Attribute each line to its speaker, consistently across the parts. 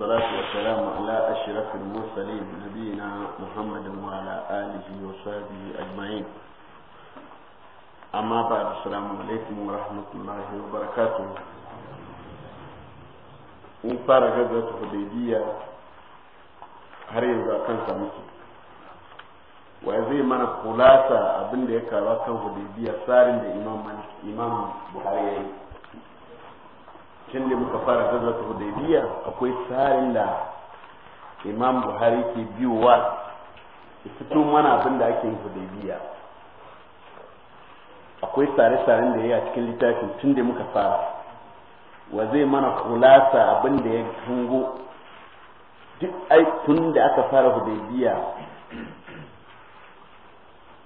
Speaker 1: والصلاة والسلام على أشرف المرسلين نبينا محمد وعلى آله وصحبه أجمعين أما بعد السلام عليكم ورحمة الله وبركاته in fara gaggata hudaybiya har yanzu a kansa muke wa zai mana kulasa abin da ya kawo kan hudaybiya tsarin da imam buhari ya yi tun da muka fara gaza ta hudaybiya akwai tsarin da imam buhari ke biyowa ya fito mana abin da ake yi hudaybiya akwai tsare-tsaren da ya yi a cikin littafin tun da muka fara wa zai mana kulasa abin da ya hango duk tun da aka fara hudaybiya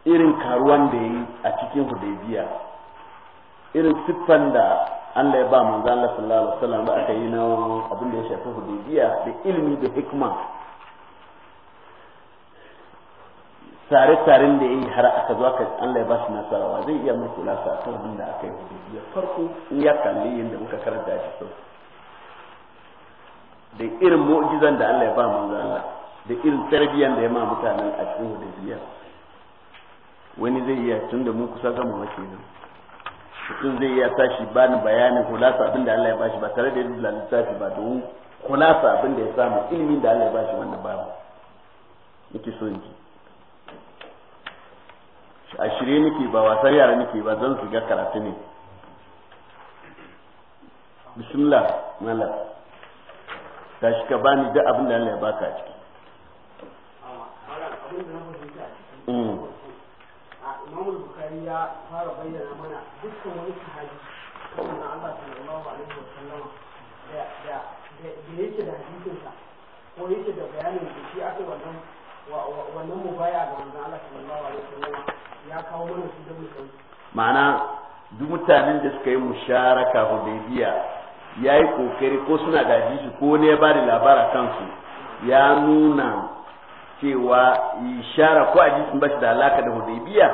Speaker 1: irin karuwan da ya yi a cikin hudaybiya irin siffan da Allah ya ba manzo Allah sallallahu alaihi wasallam da aka yi na abin da ya shafi hudubiya da ilimi da hikma sare sarin da yayi har aka zo aka Allah ya ba shi nasarawa zai iya mai kula sa kan abin da aka yi hudubiya farko in ya kalli yadda muka karanta shi sau da irin mu'jizan da Allah ya ba manzo Allah da irin tarbiyyar da ya ma mutanen a cikin hudubiya wani zai iya tunda mu kusa gama wake nan mutum zai iya tashi ba ni bayanin kulasa abin da Allah ya bashi ba tare da yadda littafi ba domin kulasa abin da ya samu ilimin da Allah ya bashi wannan babu nake so in ji a shirye nake ba wasar yara nake ba zan su ga karatu ne bismillah mala tashi ka bani duk abin da Allah ya baka a ciki
Speaker 2: Mm. sai ya fara bayyana mana dukkan wani sahabi kuma Allah sallallahu alaihi wa sallama da da da yake da hadisin sa ko yake da bayanin da shi aka wannan wannan mubaya ga manzon Allah sallallahu alaihi wa sallama ya kawo mana da mutum
Speaker 1: ma'ana duk mutanen da suka yi musharaka hudaybiya ya yi kokari ko suna da hadisi ko ne ya ba da labara kansu ya nuna cewa ishara ko hadisin ba shi da alaka da hudaybiya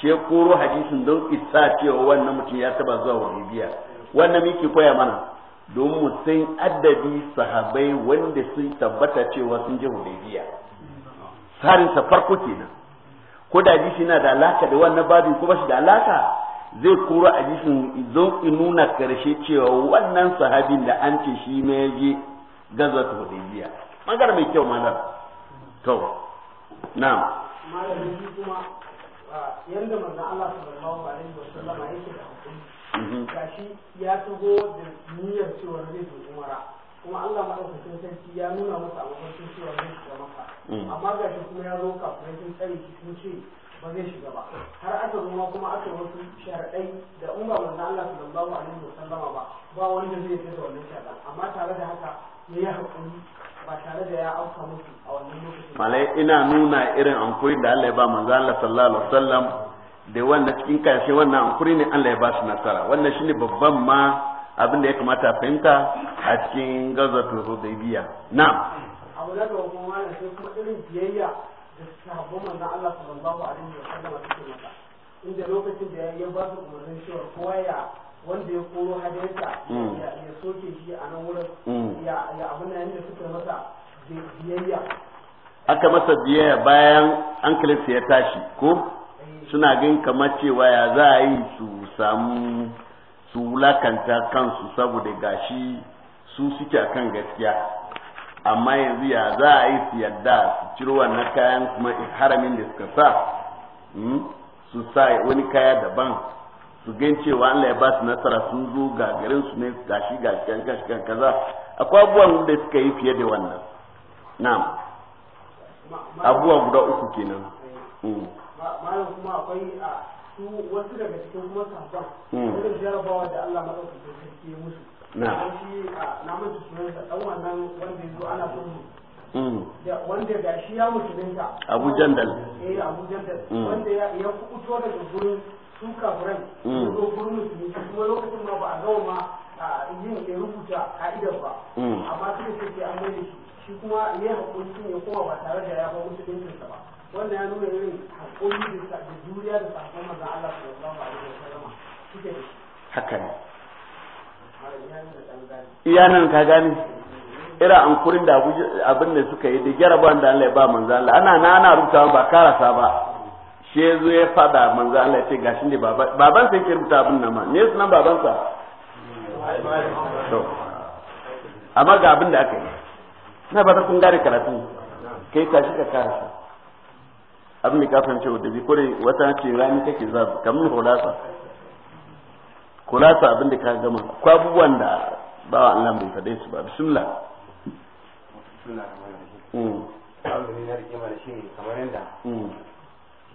Speaker 1: she koro hadisin don isa cewa wannan mutum ya taba zuwa hudaybiya wannan miki koya mana don mu san addabi sahabai wanda sun tabbata cewa sun je hudaybiya sarin sa farko kenan ko da hadisi na da alaka da wannan babin ko ba shi da alaka zai koro hadisin don in nuna karshe cewa wannan sahabin da an ce shi ne ya je gazwat hudaybiya magana mai kyau mana to na'am
Speaker 2: malamin kuma yanda manzon Allah sallallahu alaihi wasallam yake da mhm. ga shi ya taho da niyyar cewa zai zo umara kuma Allah madaukakin sarki ya nuna masa a mafarkin cewa zai shiga maka mm. amma ga shi kuma ya zo kafin sun tsare shi sun ce ba zai shiga ba har aka zo kuma aka wasu sharaɗai da in ba manzon Allah sallallahu alaihi wasallama ba ba wanda zai fita wannan sharaɗan amma tare da haka ya yi hakuri ba tare da ya auka musu a wannan lokacin malai ina nuna irin amfani da Allah ya ba manzo Allah sallallahu alaihi wasallam da wanda cikin karshe wannan amfani ne Allah ya ba shi nasara wannan shine babban ma abin da ya kamata a fahimta a cikin gazatul hudaybiya na'am abu da kuma wannan sai kuma irin biyayya da sahabban manzo Allah sallallahu alaihi wasallam suke mata inda lokacin da ya ba su umarnin cewa kowa ya wanda ya koro hadinsa hmm. ya soke shi a nan wurin hmm. ya abin nan da suka masa biyayya
Speaker 1: aka masa biyayya bayan ankalinsa ya tashi ko eh. suna gan kamar cewa ya za a yi su samu su wulakanta kansu saboda gashi su suke a kan gaskiya amma yanzu ya za a yi su yadda su ciro wannan kayan kuma haramin da suka sa hmm? su sa wani kaya daban su gan cewa Allah ya ba su nasara sun zo ga garin su ne gashi gashi gashi kaza akwai abubuwan da suka yi fiye da wannan na'am
Speaker 2: abubuwa guda uku kenan hmm. malam kuma akwai a su wasu daga cikin kuma sahabban wajen hmm. jarabawa da Allah madaukakin sarki ya musu na shi na mutu sunan sa dan wannan wanda yazo ana son hmm. wanda ga shi ya musulunta Abu Jandal eh Abu Jandal wanda ya kubuto daga gurin su kafiran mm. zo gurin musulmi kuma lokacin ma ba a gawa ma yin ya rubuta ka'idar ba mm. amma suka ce an mai shi shi kuma ne haƙuri sun ya koma ba tare da ya ba musu ɗinkinsa ba wannan ya nuna yin haƙuri da juriya da sakon mazan Allah sallallahu alaihi wa sallama suke da shi haka ne iya
Speaker 1: nan ka gane irin ankurin da abin da suka yi da gyara da Allah ya ba manzo Allah ana na ana rubutawa ba karasa ba shi ya zo ya fada manzo Allah ya ce gashin da baba baban sai ke rubuta abin nan ma ne sunan baban sa to amma ga abin da aka yi ina ba ta kun gare karatu kai shi ka kara shi abin da ka fahimce wadda bi kore wata ce rani kake ka mun hulasa kulasa abin da ka gama ko abubuwan da ba wa Allah bai faɗe su ba bismillah
Speaker 2: bismillah kamar yadda mm.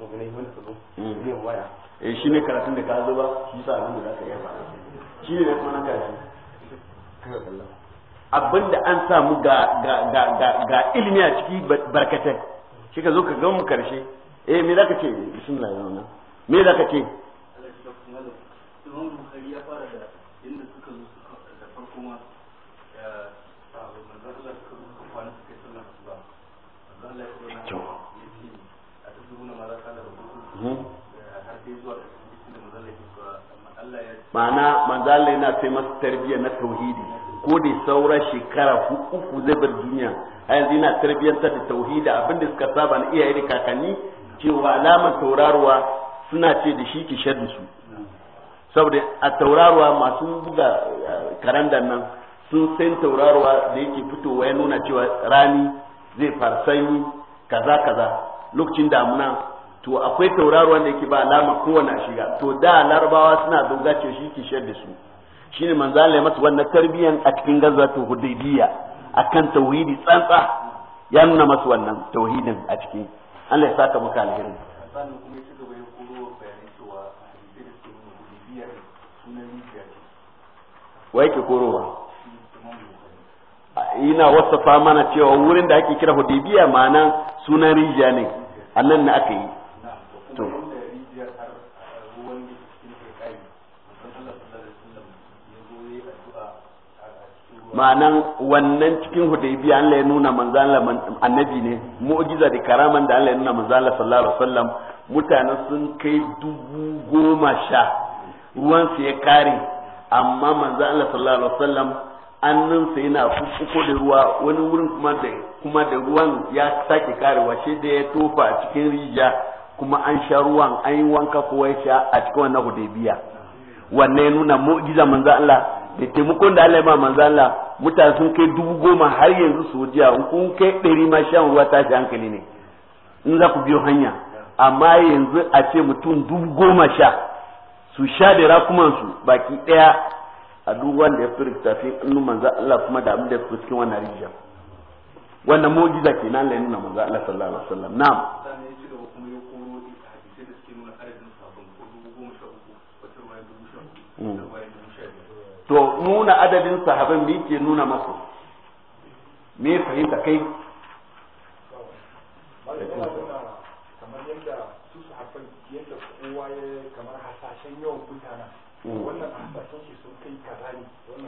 Speaker 2: Hmm. eh shi da
Speaker 1: an samu ga ga ga ga ilimi a ciki barkatai shi ka zo ka ga mu karshe eh me za ka ce bismillah yau nan me za ka ce
Speaker 2: Imam Bukhari ya fara da inda suka zo da farko ma ma'ana manzala
Speaker 1: yana sai masa tarbiyya na tauhidi ko da saura shekara uku zai bar duniya a yanzu yana tarbiyyanta da tauhidi da suka saba na iyaye da kakanni cewa alamar tauraruwa suna ce da shi ki shaɗi su saboda a tauraruwa masu buga eh, karandar nan sun san tauraruwa da yake fitowa ya nuna cewa rani zai fara sanyi kaza kaza lokacin damuna to akwai tauraro wanda yake ba alama kowane shiga to da larabawa suna dogace shi ke kishiyar da su shine manzo Allah ya masa wannan tarbiyan a cikin to hudaybiya akan tauhidi tsantsa ya nuna masa wannan tauhidin a cikin Allah ya saka muka alheri wa yake korowa ina wasafa mana cewa wurin da ake kira hudaybiya ma'ana sunan rijiya ne annan ne aka yi to ma'anan wannan cikin hudaybiya Allah ya nuna manzan annabi ne mu'jiza da karaman da Allah ya nuna manzan Allah sallallahu alaihi wasallam mutanen sun kai dubu goma sha ruwan su ya kare amma manzan Allah sallallahu alaihi wasallam annan sa yana fuffuko da ruwa wani wurin kuma da kuma da ruwan ya sake karewa shi da ya tofa a cikin rijiya kuma an sha ruwan an yi wanka ko ya sha a cikin wannan hudaybiya wannan ya nuna mu'jiza manzo Allah da taimakon da Allah ya ba manzo Allah mutane sun kai dubu goma har yanzu su jiya in kun kai ɗari ma shan ruwa ta tashi hankali ne in za ku biyo hanya amma yanzu a ce mutum dubu goma sha su sha da rakuman su baki ɗaya a duk wanda ya fi riktafi annu manzo Allah kuma da abin da ya fi cikin wannan rijiya wannan mu'jiza kenan Allah ya nuna manzo Allah sallallahu alaihi wasallam na'am to nuna adadin sahaban mi ke nuna masu me fahimta kai
Speaker 2: kamar yadda su yadda kowa ya kamar hasashen yawan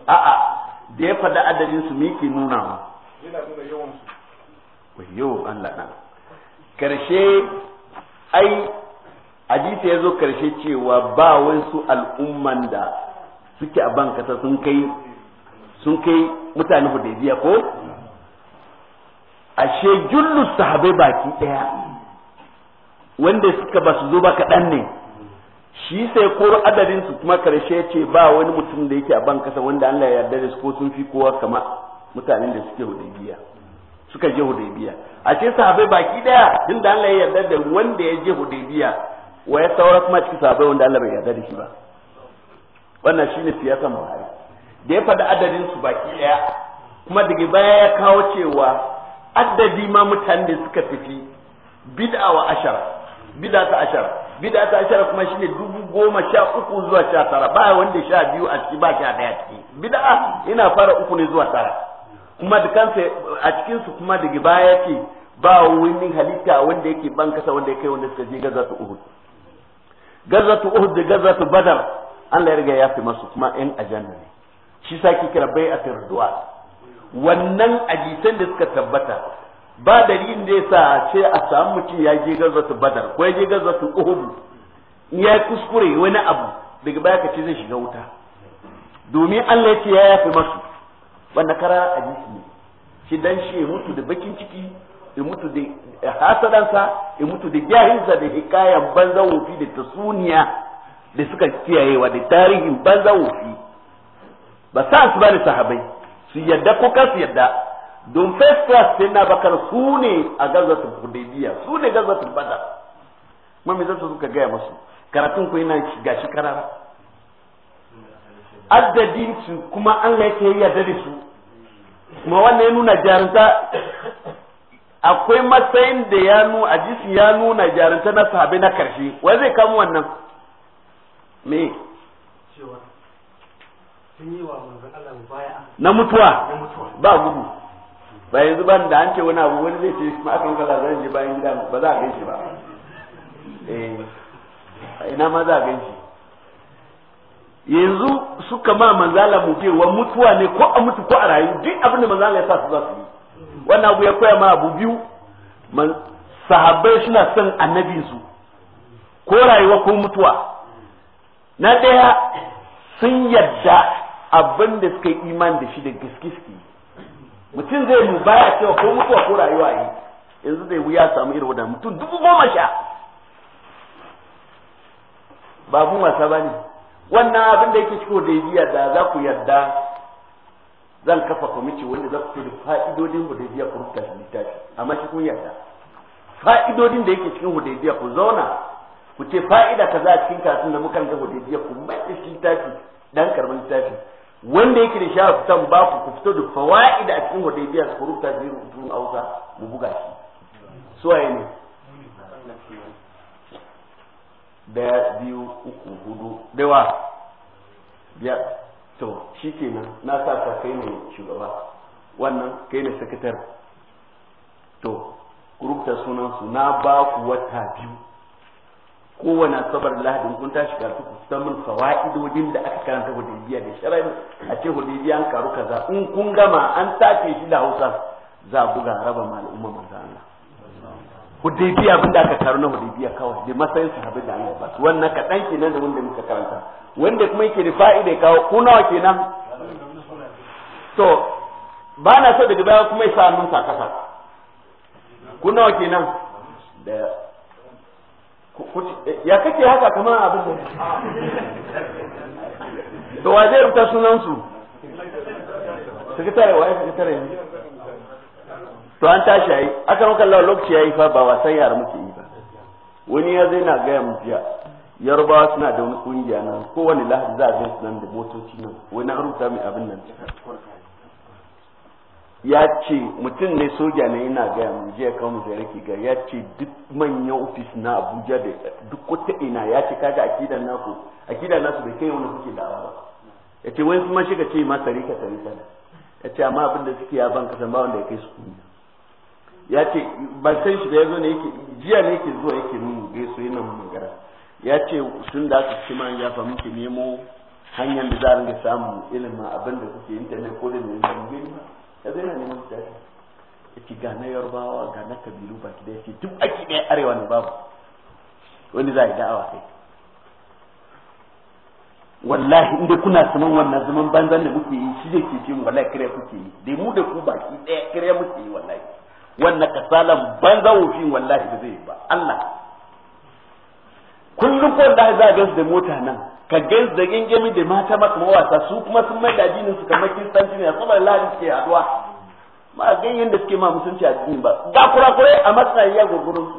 Speaker 2: a'a
Speaker 1: da ya faɗa adadin su me ke nuna ma yawan Allah na karshe ai hadisi ya zo karshe cewa ba wasu al'umman da suke a ban kasa sun kai sun kai mutane hudaybiya ko ashe jullu sahabai baki daya wanda suka ba su zo ba kaɗan ne shi sai koro adadin su kuma karshe ce ba wani mutum da yake a ban kasa wanda Allah ya yarda da su ko sun fi kowa kama mutanen da suke hudaybiya suka je hudaybiya a ce sahabai baki daya tunda Allah ya yarda da wanda ya je hudaybiya wa ya saura kuma cikin sahabai wanda Allah bai yarda da shi ba wannan shine siyasan buhari da ya faɗi adadin su baki ɗaya kuma daga baya ya kawo cewa adadi ma mutanen da suka fiti bid'a wa ashara bid'a ta ashara bid'a ta ashara kuma shine dubu goma sha uku zuwa sha tara ba wanda sha biyu a ciki ba sha daya ciki bid'a ina fara uku ne zuwa tara kuma sai a cikin su kuma daga baya yake ba wani halitta wanda yake ban kasa wanda ya kai wanda suka je gazatu uhud gazatu uhud da gazatu badar Allah ya riga ya fi masu kuma yan ajanna ne shi sa ke kira bai a tarduwa wannan ajisan da suka tabbata ba dalilin da ya sa ce a samu mutum ya je su badar ko ya je su uhud ya kuskure wani abu daga baya ka ce zai shiga wuta domin Allah ya ce ya yafi masu wanda kara ajisi ne shi dan shi ya mutu da bakin ciki ya mutu da hasadansa ya mutu da jahinsa da hikayan banza wofi da tasuniya da suka kiyayewa da tarihin banza wofi ba sa su bani sahabai su yadda ko ka su yadda don first class sai na bakar su ne a gazatul hudaybiya su ne gazatul badar mami zasu suka gaya masu karatun ku yana shiga shi karara addadin su kuma Allah yake yadda da su kuma wannan ya nuna jarunta akwai matsayin da ya nuna a ya nuna jarunta na sahabai na karshe wai zai kama wannan me
Speaker 2: na mutuwa ba
Speaker 1: gudu ba yanzu ban da an ce wani abu wani zai ce ma aka maka lazarin je bayan gida ba za a gan shi ba eh, ina ma za a gan shi yanzu suka ma manzala wa mutuwa ne ko a mutu ko a rayu duk abin da manzala ya sa su za su yi wannan abu ya koya ma abu biyu sahabbai suna son annabinsu ko rayuwa ko mutuwa na ɗaya sun yadda abin da suka yi iman da shi da giskiski mutum zai mu baya cewa ko mutuwa ko rayuwa yi yanzu zai wuya samu irin wadda mutum dubu goma sha babu wasa ba ne wannan abin da yake ciko da da za ku yadda zan kafa kwamiti wanda za ku ce fa'idodin biya ku rubuta shi littafi amma shi kun yadda fa'idodin da yake cikin hudaybiya ku zauna ku ce fa'ida kaza a cikin karatun da muka ga jiya ku mai shi tafi dan karban tafi wanda yake da shafi tan ba ku ku fito da fawaida a cikin jiya ku rubuta shi a Hausa mu buga shi suwaye ne daya biyu uku hudu dawa biyar to shi ke nan, na sa ka kai ne shugaba wannan kai ne sakatar to rubuta sunan su na ba ku wata biyu kowane sabar lahadin kun tashi karatu ku san mun fawa'idodin da aka karanta hudaybiya da sharai a ce hudaybiya an karu kaza in kun gama an tace shi da Hausa za a buga raba ma al'umma manzo Allah hudaybiya abinda aka karu na hudaybiya kawai da masayin sahabbai da Allah ba wannan ka kadan kenan da wanda muka karanta wanda kuma yake da fa'ida kawo ku nawa kenan to ba na so da baya kuma ya sa mun sa kasa ku nawa kenan da ya kake haka kamar abin da
Speaker 2: to wa zai rubuta sunan su sakatare wa ya sakatare ne to an tashi yayi aka maka Allah lokaci yayi fa
Speaker 1: ba wasan yara muke yi ba wani ya zai na gaya mu jiya yarbawa suna da wani kungiya nan kowane lahadi za a zai su nan da motoci nan wani an rubuta mai abin nan ya ce mutum ne soja ne yana gaya mu jiya kawo mu zai rike ga ya ce duk manyan ofis na abuja da duk wata ina ya ce kaga akidan naku akidan nasu bai kai wani kuke dawa ba ya ce wani kuma shiga ce ma sarika sarika ya ce amma abin da suke ya ban kasan ba wanda ya kai su kunya ya ce ban san shi da ya zo ne yake jiya ne yake zuwa yake nuna gaisu yana magana ya ce sun da aka ci man jafa muke nemo hanyar da za a ringa samun ilimin abin da kuke intanet ko da ne zan gani ba yanzu yana neman su tashi yace ga na yarbawa ga na kabilu ki da yace duk aki ɗaya arewa ne babu wani za a yi da'awa kai wallahi inda kuna saman wannan zaman banzan da muke yi shi zai cece mu wallahi kare kuke yi dai mu da ku baki ɗaya kare muke yi wallahi wannan kasalan banza wofin wallahi da zai yi ba Allah kullum ko da za a gansu da mota nan ka gais da gingami da mata maka mawasa su kuma sun mai da addinin su kamar kiristanci ne a saboda lahadi suke haduwa Ma a gingin da suke ma mutunci addini ba ga kurakurai a matsayi ya gurgurun su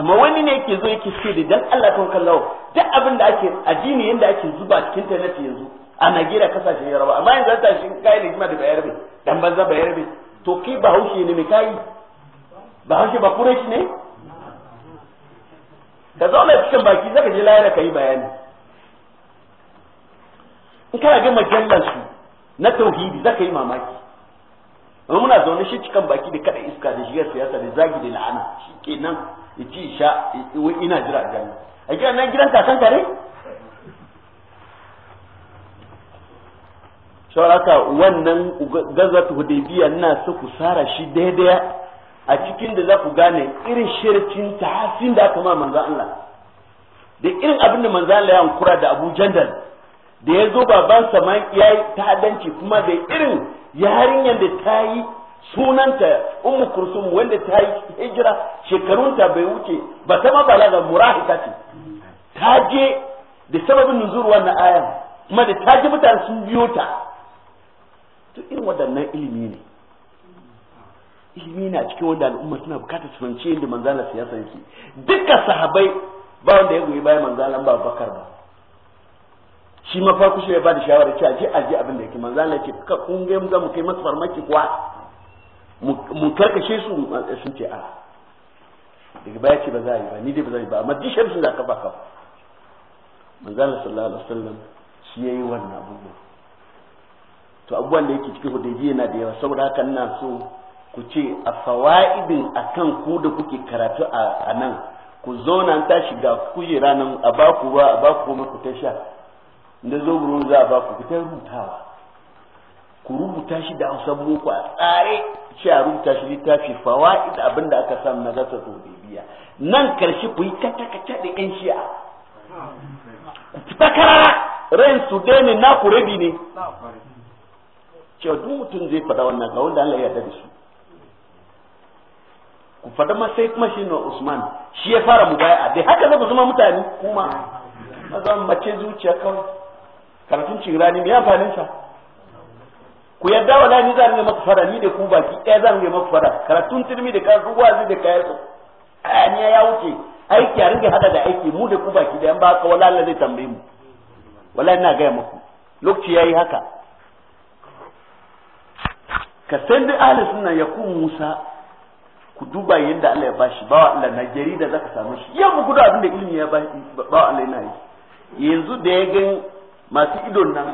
Speaker 1: amma wani ne yake zo yake ce da dan Allah kan kallawo duk abin da ake addini yanda ake zuba cikin internet yanzu a Najeriya kasashen Yaraba amma yanzu an tashi kai da jima da bayarbe dan banza bayarbe to kai ba hauke ne mai kai ba hauke ba kureshi ne ka zauna cikin baki zaka je layar ka yi bayani in kana ga majallar su na tauhidi zaka yi mamaki amma muna zaune shi cikin baki da kada iska da shiga siyasa da zagi da la'ana shi kenan ya ci sha ina jira a jami'a a gidan nan gidan kasan kare sauraka wannan gazatu hudaybiya ina su ku sara shi daidai a cikin da za ku gane irin shirkin tafin da aka ma manzo Allah da irin abin da manzo Allah ya hankura da Abu Jandal da ya zo baban sa ya yi ta'adanci kuma da irin yarinyar da ta yi sunanta ummu kursum wanda ta yi hijira shekarunta bai wuce ba ta ma balaga murahika ce ta je da sababin nuzur wannan aya kuma da ta ji mutane sun biyo ta to irin waɗannan ilimi ne ilimi na cikin wanda al'umma suna bukatar su fahimci yadda manzala siyasa yake dukkan sahabai ba wanda ya goyi bayan manzalan ba bakar ba shi ma farko shi ya ba da shawara cewa je a je abin da yake manzala ce ka kun ga mu mu kai masa farmaki kuwa mu karkashe su eh, sun ce a daga baya ce ba za a yi ba ni dai ba za a yi ba amma duk shamsu da kafa kafa manzala sallallahu alaihi wasallam shi yayi wannan abubuwa to abubuwan da yake cikin hudaybiyya na da yawa saboda haka ina so ku ce a fawa'idin kan ku da kuke karatu a nan ku nan ta shiga kujera ranar a baku ba a baku kuma ku ta sha da zo za a baku ku ta rubutawa ku rubuta shi da hausa boko a tsare shi a rubuta shi littafi fawa'id abin da aka samu na zata bibiya nan karshe ku yi kata kata da yan shi'a ku karara ran su dai ne na ku rabi ne cewa duk mutum zai faɗa wannan ga wanda Allah ya da shi ku faɗa ma sai kuma ne Usman shi ya fara mubaya dai haka ne ku zama mutane kuma maza mace zuciya kawai karatun cirani me amfanin sa ku yadda wala ni zan ga maka fara ni da ku baki ɗaya zan ga maka fara karatun turmi da karatun wazi da kayan ayaniya ya wuce aiki a ringa hada da aiki mu da ku baki ɗaya ba ka wala Allah zai tambaye mu wala ina gaya maku lokaci yayi haka ka san da ahli sunna ku Musa ku duba yadda Allah ya bashi bawa Allah na jarida zaka samu shi yau ku da abin da ilimi ya bashi bawa Allah yana yi yanzu da ya gan masu idon nan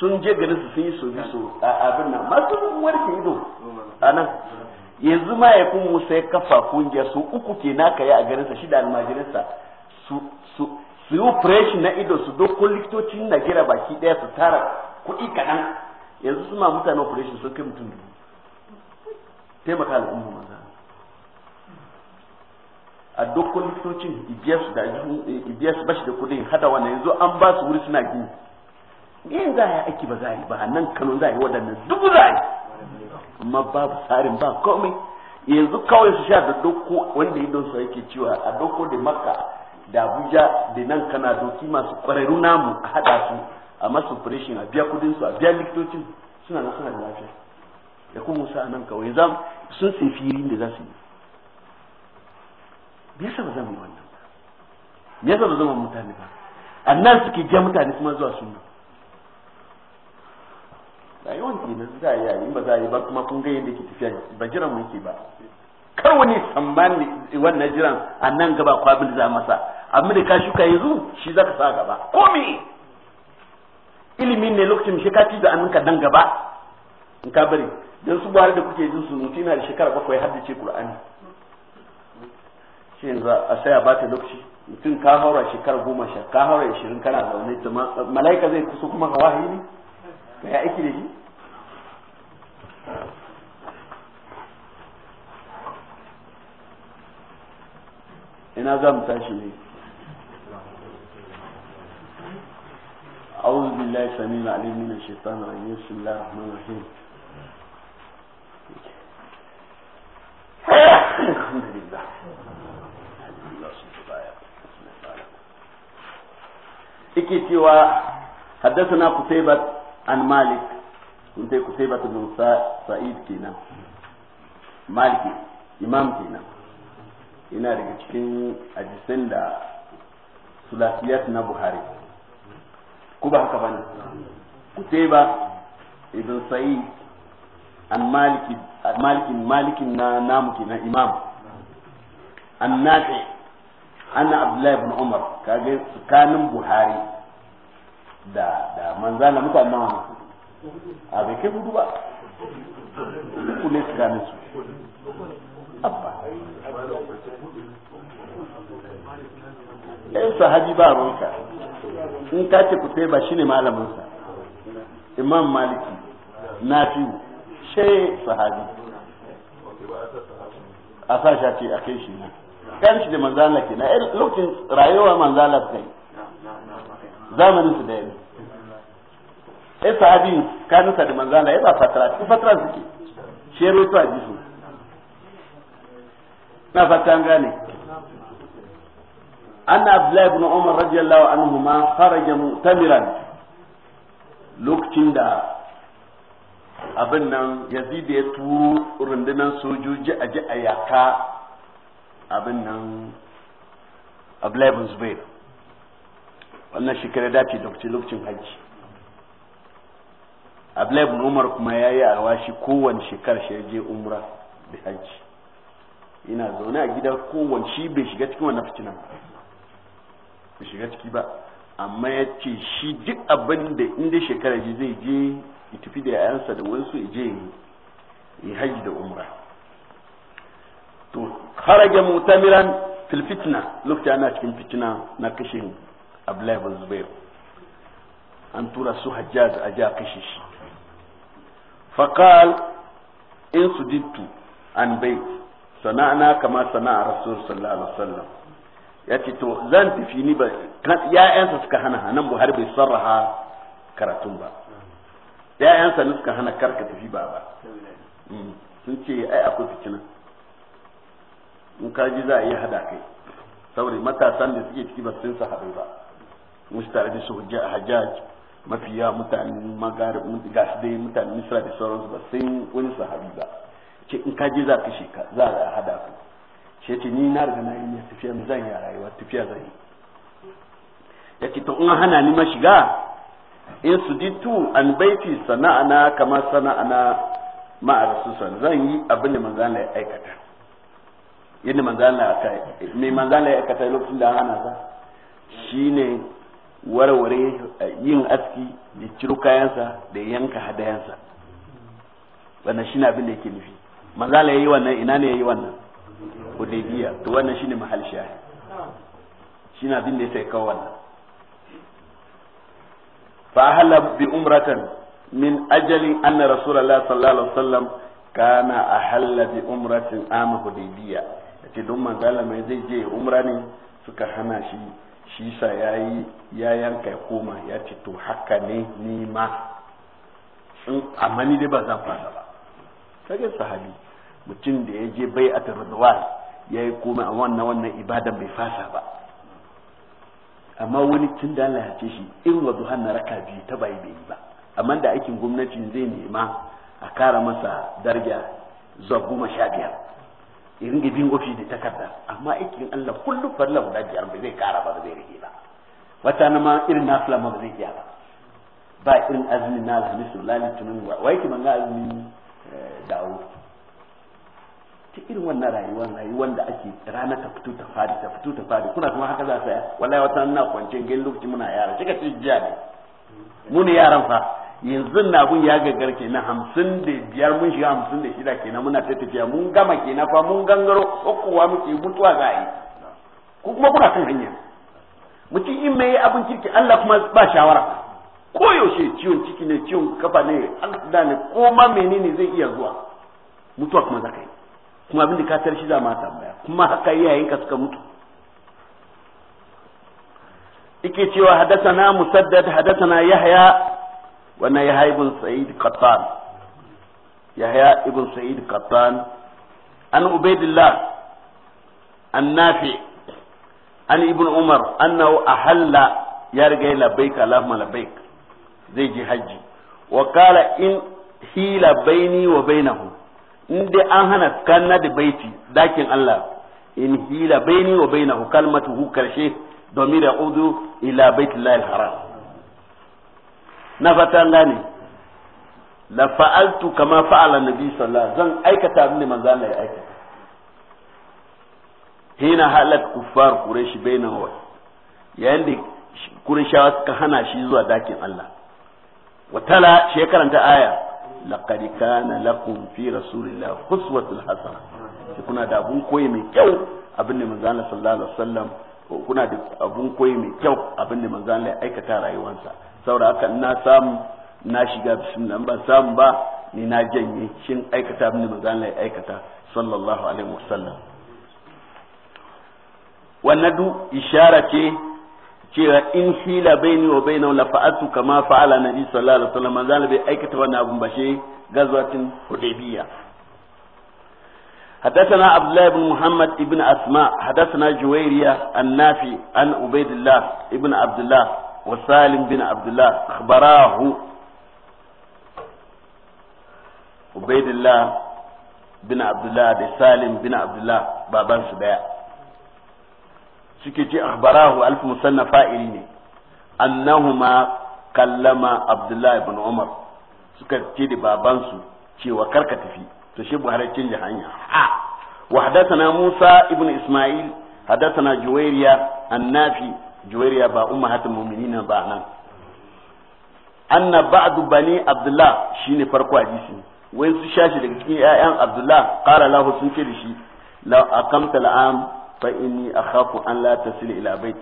Speaker 1: sun je garin su sun yi so biso a abin nan masu warke ido anan yanzu ma ya kun musa ya kafa kungiya su uku ke naka ya a garin sa shida sa su su su yi operation na ido su dokko likitocin na gira baki daya su tara kuɗi kaɗan yanzu suna ma mutane operation sun kai mutum biyu taimaka al'umma maza a dukkan likitocin ibs da eh, ba bashi da kudin hada wannan yanzu an ba su wuri suna gini yin za a yi aiki ba za a yi ba nan kano za a yi waɗannan dubu za a yi amma babu tsarin ba komai yanzu kawai su sha da doko wanda ya don su yake cewa a doko da makka da abuja da nan kana doki masu kwararru namu a hada su a masu operation a biya kudin su a biya likitocin suna na suna da lafiya da kuma musa nan kawai zan sun sai filin da za su yi me yasa ba za mu yi wannan ba me yasa ba zama mutane ba annan suke ga mutane kuma zuwa sunna rayuwar kenan za a yi ba za a yi ba kuma kun ga yadda ke tafiya ba jiran mu yake ba kar wani tsammani wannan jiran a nan gaba kwabil za masa amma da ka shuka yanzu shi za ka sa gaba ko me ilimi ne lokacin shi ka ci da annanka dan gaba in ka bari don su buhari da kuke jin su na da shekara bakwai haddace qur'ani shi yanzu a saya ba ta lokaci mutum ka haura shekara goma sha ka haura ishirin kana zaune ta mala'ika zai kusa kuma ka wahayi ne ka yi aiki da shi ina za mu tashi ne أعوذ بالله السميع العليم من الشيطان الرجيم
Speaker 2: بسم الله الرحمن الرحيم الحمد لله
Speaker 1: yake cewa haddathana kutaybat an malik kun sai kutaybat bin sa'id kenan maliki imam kenan ina daga cikin hadisin da sulasiyat na buhari ku ba haka bane kutayba ibn sa'id an maliki malikin malikin na namu kenan imam an nafi anna abdullahi ibn umar kage tsakanin buhari da da manzana muku amma wani
Speaker 2: a bai kai gudu ba ku ne tsakanin su abba ɗan sahabi ba ronka in ka ce ku sai ba shine malaminsa
Speaker 1: imam maliki na fiyu she sahabi a sa shi a kai shi nan kan shi da manzala ke na lokacin rayuwa manzala ta yi zamanin su da yanzu ai sahabi kanusa da manzala ya ba fatara cikin fatara suke shi ya rotu a jisu na fatan gane أن عبد الله بن عمر رضي الله عنهما خرج مؤتمرا لوكتين دا abin nan yazid ya turo rundunar sojoji a ji a yaka abin nan Abdullahi bin wannan shekara dace da lokacin hajji Abdullahi bin Umar kuma ya yi shi kowane shekar shi je umra da hajji ina zaune a gida kowane shi bai shiga cikin wannan fitinan bai shiga ciki ba amma ya ce shi duk abin da inda shekara ji zai je ya tafi da yayansa da wasu ya je yi haji da umra to kharaja mutamiran fil fitna lokacin ana cikin fitina na kashin Abdullahi bin Zubair an tura su Hajjaj a ja kashe shi qal in sudittu an bai sana'ana kama sana'a rasul sallallahu alaihi wasallam ya to zan tafi ni ba ya'yansa suka hana nan Buhari bai sarraha karatun ba ya'yansa suka hana karka tafi ba ba hmm. sun ce ai akwai fitina in ka ji za a yi hada kai saboda matasan da suke ciki ba sun sa haɗu ba mustare da su hajjaj mafiya mutane magar su dai mutane misra da sauransu ba sun wani sahabi ba ce in ka ji za ka shi ka za a hada ku ce ce ni na riga na yi tafiya mu zan yi rayuwa tafiya zan yi ya ce to in hana ni ma shiga in su tu an baiti sana'ana kama sana'ana ma'a rasu zan yi abin da manzana ya aikata yadda manzana aka mai manzana ya aikata lokacin da hana Shi shine warware yin aski da ciro kayansa da yanka hadayansa wannan shine abin da yake nufi ya yi wannan ina ne ya yi wannan hudaybiya to wannan shine mahal shahi shine abin da ya sai kawo wannan fa hala bi umratan min ajali anna rasulullahi sallallahu alaihi wasallam kana ahalla bi umratin am hudaybiya ce don manzala mai zai je umra ne suka hana shi shi sa ya yi ya yanka ya koma ya ce to haka ne ni ma amma ni dai ba zan fasa ba kage sahabi mutum da ya je bai a tarzawar ya yi koma a wannan wannan ibadan bai fasa ba amma wani tun da Allah ya ce shi in wa duhan na raka biyu ta bai bai ba amma da aikin gwamnati zai nema a kara masa darja zuwa goma sha biyar ya ringa bin ofi da takarda amma aikin Allah kullum farla guda biyar ba zai kara ba ba zai rage ba wata na ma irin na fulama ba zai iya ba ba irin azumi na alhamis lalin tunan ba wai ki manga azumi eh, dawo ta irin wannan rayuwar rayuwa da ake rana ta fito ta fadi ta fito ta fadi kuna kuma haka za su wallahi wata na kwance gan lokacin muna yara kika ci jiya ne mu ne yaran fa yanzu na abun ya gagar kenan hamsin da biyar mun shiga hamsin da shida kenan muna ta tafiya mun gama kenan fa mun gangaro kokowa muke mutuwa za a yi ko kuma kuna kan hanya mutum in mai abin kirki Allah kuma ba shawara ko yaushe ciwon ciki ne ciwon kafa ne da ne ko ma menene zai iya zuwa mutuwa kuma za ka yi kuma abin da ka tarshi shi za ma tambaya kuma haka ka suka mutu ike cewa hadathana musaddad na yahya wannan ya ibn sa'id qattan yahya ibn sa'id qattan an ubaidillah an nafi an ibn umar annahu ahalla ya riga labbaik allahumma labbaik zai je haji wa qala in hila baini wa bainahu inda an hana kanna da baiti dakin Allah in hila baini wa bainahu hu karshe domin da udu ila baitillahi haram na fatan gane la fa'altu kama fa'ala nabi sallallahu zan aikata abin da manzo Allah ya aikata hina halak kuffar quraish bainahu yayin da qurayshawa suka hana shi zuwa dakin Allah watala shi karanta aya laqad kana lakum fi rasulillahi uswatul hasana kuna da abun koyi mai kyau abin da manzo Allah sallallahu alaihi wasallam kuna da abun koyi mai kyau abin da manzo Allah ya aikata rayuwarsa saboda haka na samu na shiga bismillah ban samu ba ni na janye shin aikata abin da manzo Allah aikata sallallahu alaihi wasallam wannan du ishara ce cewa in hila baini wa bainahu la fa'atu kama fa'ala nabi sallallahu alaihi wasallam manzo bai aikata wannan abun ba shi gazwatin hudaybiyah حدثنا عبد الله بن محمد ابن أسماء حدثنا جويرية النافي عن عبيد الله ابن عبد الله وسالم بن عبد الله أخبراه عبيد الله بن عبد الله ده بن عبد الله بابان سبيع سكتي أخبراه ألف مسنة فائلين أنهما kallama abdullahi bin umar suka ce da babansu cewa ka tafi to shi buhari canja hanya a wa hadathana musa ibn isma'il hadathana juwairiya annafi juwairiya ba umma ummahatul mu'minina ba nan anna ba'du bani abdullah shine farko hadisi wai su shashi daga cikin ƴaƴan abdullah qala lahu sun ce da shi la aqamta al'am fa inni akhafu an la tasil ila bait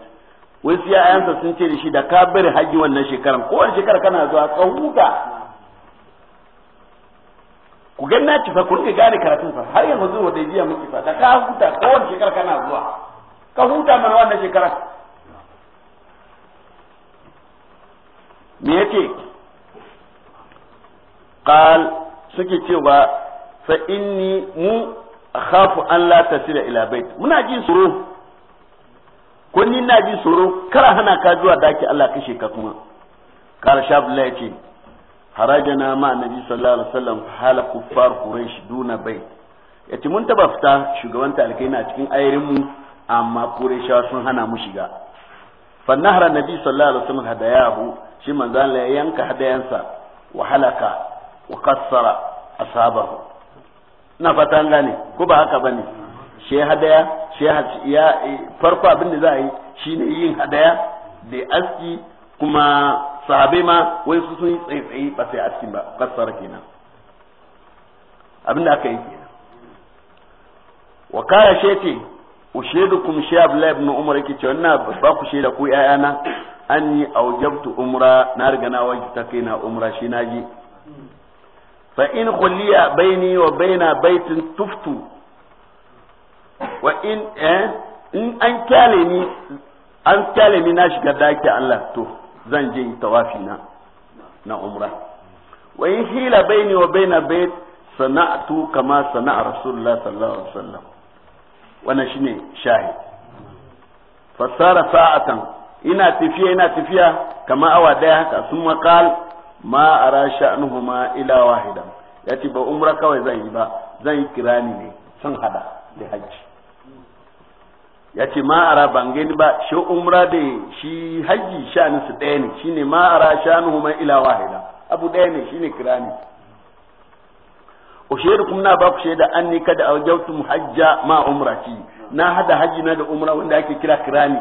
Speaker 1: wai su ƴaƴansa sun ce da shi da ka bari haji wannan shekaran ko wani shekara kana zuwa ka huta ku ganna na ci fa kun ga gane karatun fa har yanzu zuwa da jiya muke fa da ka huta wani shekara kana zuwa ka huta mana wannan shekara me yake qal suke cewa fa inni mu akhafu an la tasira ila bait muna ji tsoro ko ni na ji tsoro kar hana ka zuwa daki Allah kashe ka kuma qal shabla yace harajana ma nabi sallallahu alaihi wasallam hala kuffar quraish duna bait yace mun taba fita shugaban talakai na cikin ayarin mu amma quraishawa sun hana mu shiga fannahara nabi sallallahu alaihi wasallam hadayahu shi manzo Allah yanka hadayansa wa halaka wa kassara asabahu na fatan gane ko ba haka bane shi hadaya shi ya farko abin da za a yi shi ne yin hadaya da aski kuma sahabai ma wai su sun yi tsaitsaye ba sai aski ba kassara kenan abin da aka yi kenan wa kaya shi ushedukum shi Abdullahi ibn Umar yake cewa ina ba ku shaida ku ƴaƴana anni aujabtu umra na riga na wajibta kaina umra shi na naji fa in khuliya baini wa baina baitin tuftu wa in eh in an kyale ni an kyale na shiga daki Allah to zan je tawafi na na umra wa in hila baini wa baina bait sana'tu kama sana'a rasulullah sallallahu alaihi wasallam wannan shine shahid fassara sa'atan ina tafiya ina tafiya kama awa daya haka sun makal ma ara sha'nuhuma ila wahidan ya ce ba umra kawai zan yi ba zan yi kirani ne sun hada da hajji ya ce ma ara ban gani ba shi umra da shi hajji sha'anin su ɗaya ne shine ma ara sha'nuhuma ila wahida abu ɗaya ne shine kirani kuma na ba ku shaida anni kada a awjautu hajja ma umrati na hada haji na da umra wanda ake kira kirani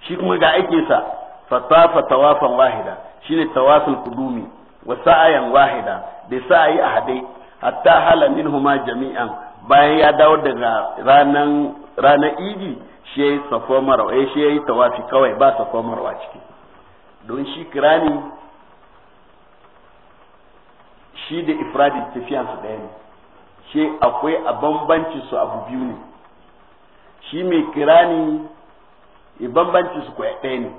Speaker 1: shi kuma ga ake sa fatafa tawafan wahida shine tawaful kudumi wa sa'ayan wahida da sa'ayi a hade hatta hala minhuma jami'an bayan ya dawo daga ranan ranar idi shi yayi safo marwa eh, shi yayi tawafi kawai ba safo marwa ciki don shi kirani shi da ifradin tafiyansu ɗaya ne shi akwai a bambanci su abu biyu ne shi mai kirani ya bambanci su kwaya ɗaya ne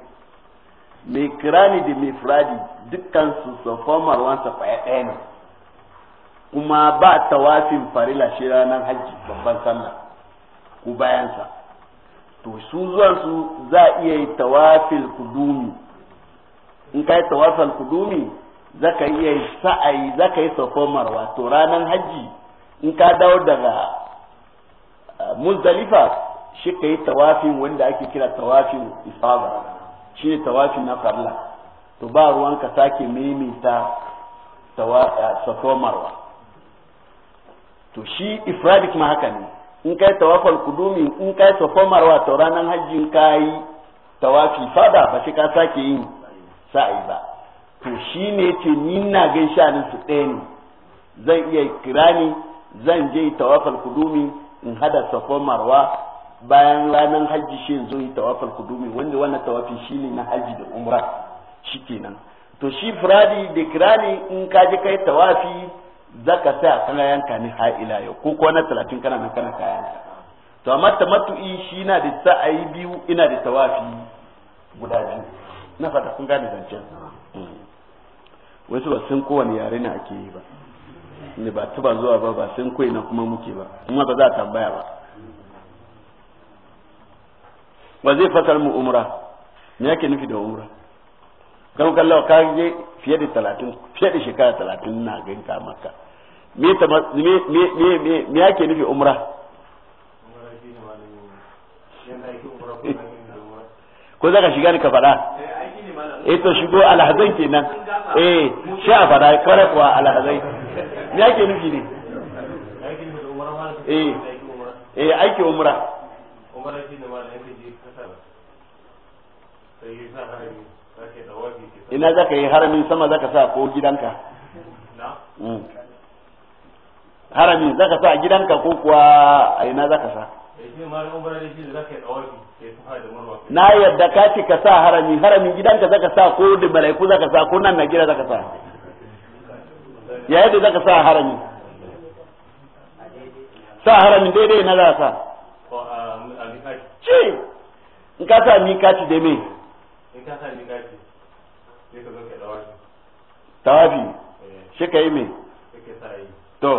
Speaker 1: mai kirani da mai firadi dukkan su safamarwansa kwaya ɗaya ne kuma ba tawafin farila shi ranar hajji babban sallah ko bayansa to su zuwan su za a iya yi tawafin kudumi in kai tawafin kudumi zaka iya sa'ayi zaka yi safon marwa to ranar hajji in ka dawo daga muzdalifa shi ka yi tawafin wanda ake kira tawafin isaba shi ne tawafin na farla to ba ruwan ka sake maimaita safon marwa to shi ifradik ma haka ne in kai tawafal kudumi in kai safon marwa to ranar hajji in ka yi tawafi fada ba shi ka sake yin sa'ayi ba to shi ne ce ni na gan shanin su ɗaya ne zan iya kirani zan je tawafal kudumi in hada safo marwa bayan ranar hajji shi yanzu yi tawafal kudumi wanda wannan tawafi shi ne na hajji da umra shi kenan to shi firadi da kirani in ka je kai tawafi za ka sa kana yanka ni ha'ila yau ko na talatin kana nan kana kayanka to amma matu'i shi na da sa'ayi biyu ina da tawafi guda biyu na fata kun gane zancen hmm. wasu ba sun kowane yare na ake yi ba ne ba ba zuwa ba ba sun kowai na kuma muke ba kuma ba za a tambaya ba ba zai fasar mu umra me yake nufi da umra kan kallawa ka je fiye da talatin fiye da shekara talatin na gan ka maka me me me yake nufi umra
Speaker 2: ko za ka shiga ni ka faɗa eh to shigo alhazai kenan eh sha fara kware kuwa alhazai me yake nufi ne eh eh aiki umra umra ne ma da yake je
Speaker 1: ina zaka yi haramin sama zaka sa ko gidanka hmm. harami zaka sa gidanka ko kuwa a ina zaka sa
Speaker 2: na yadda ka
Speaker 1: ce ka sa harami haramin gidanka zaka sa ko da malaiku zaka sa ko nan na gida zaka sa ya yadda zaka sa harami sa haramin daidai na zaka sa ce in ka sa mikati me
Speaker 2: in ka sa mikati sai ka zo ka
Speaker 1: tawafi shi eh. ka yi me
Speaker 2: to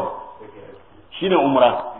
Speaker 2: shine umra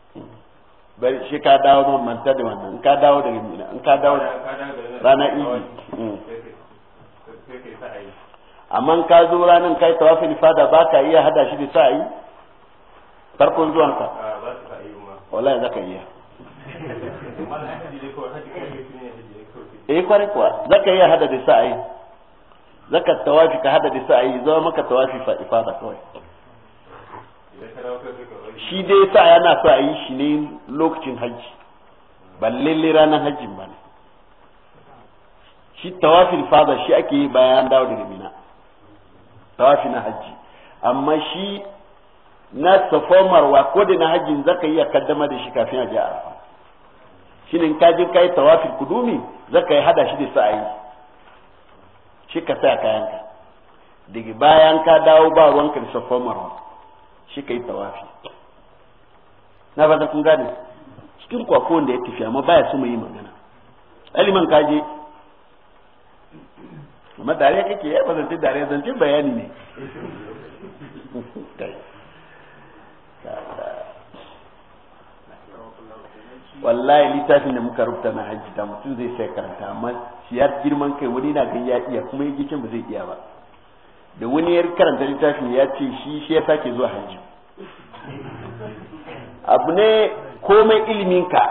Speaker 1: bari shi ka dawo mun manta da wannan in ka dawo daga mina in ka dawo rana idi mm. amma ka zo ranar kai tawafin fada ba ka iya hada shi da sa'i farkon zuwan ka wallahi ka iya eh kware kuwa ka iya hada da sa'i ka tawafi ka hada da sa'i zama maka tawafi fada kawai shi dai sa yana so a yi shi ne lokacin hajji ba lalle ranar hajjin ba ne shi tawafin fada shi ake yi bayan dawo daga mina tawafi na hajji amma shi na tafomarwa ko da na hajjin zaka a kaddama da shi kafin a je arafa shi ne ka je tawafin kudumi zaka yi hada shi da sa'ayi shi ka sa kayanka daga bayan ka dawo ba ruwanka da safomarwa shi ka yi tawafi na fata kun gane cikin kwakwan da ya tafi amma baya su mai magana aliman kaje amma dare kake ya ba zance dare zance bayani ne wallahi littafin da muka rubuta na hajji da mutum zai sai karanta amma shi ya girman kai wani na gan ya iya kuma yake ba zai iya ba da wani ya karanta littafin ya ce shi shi ya sake zuwa hajji abu ne komai iliminka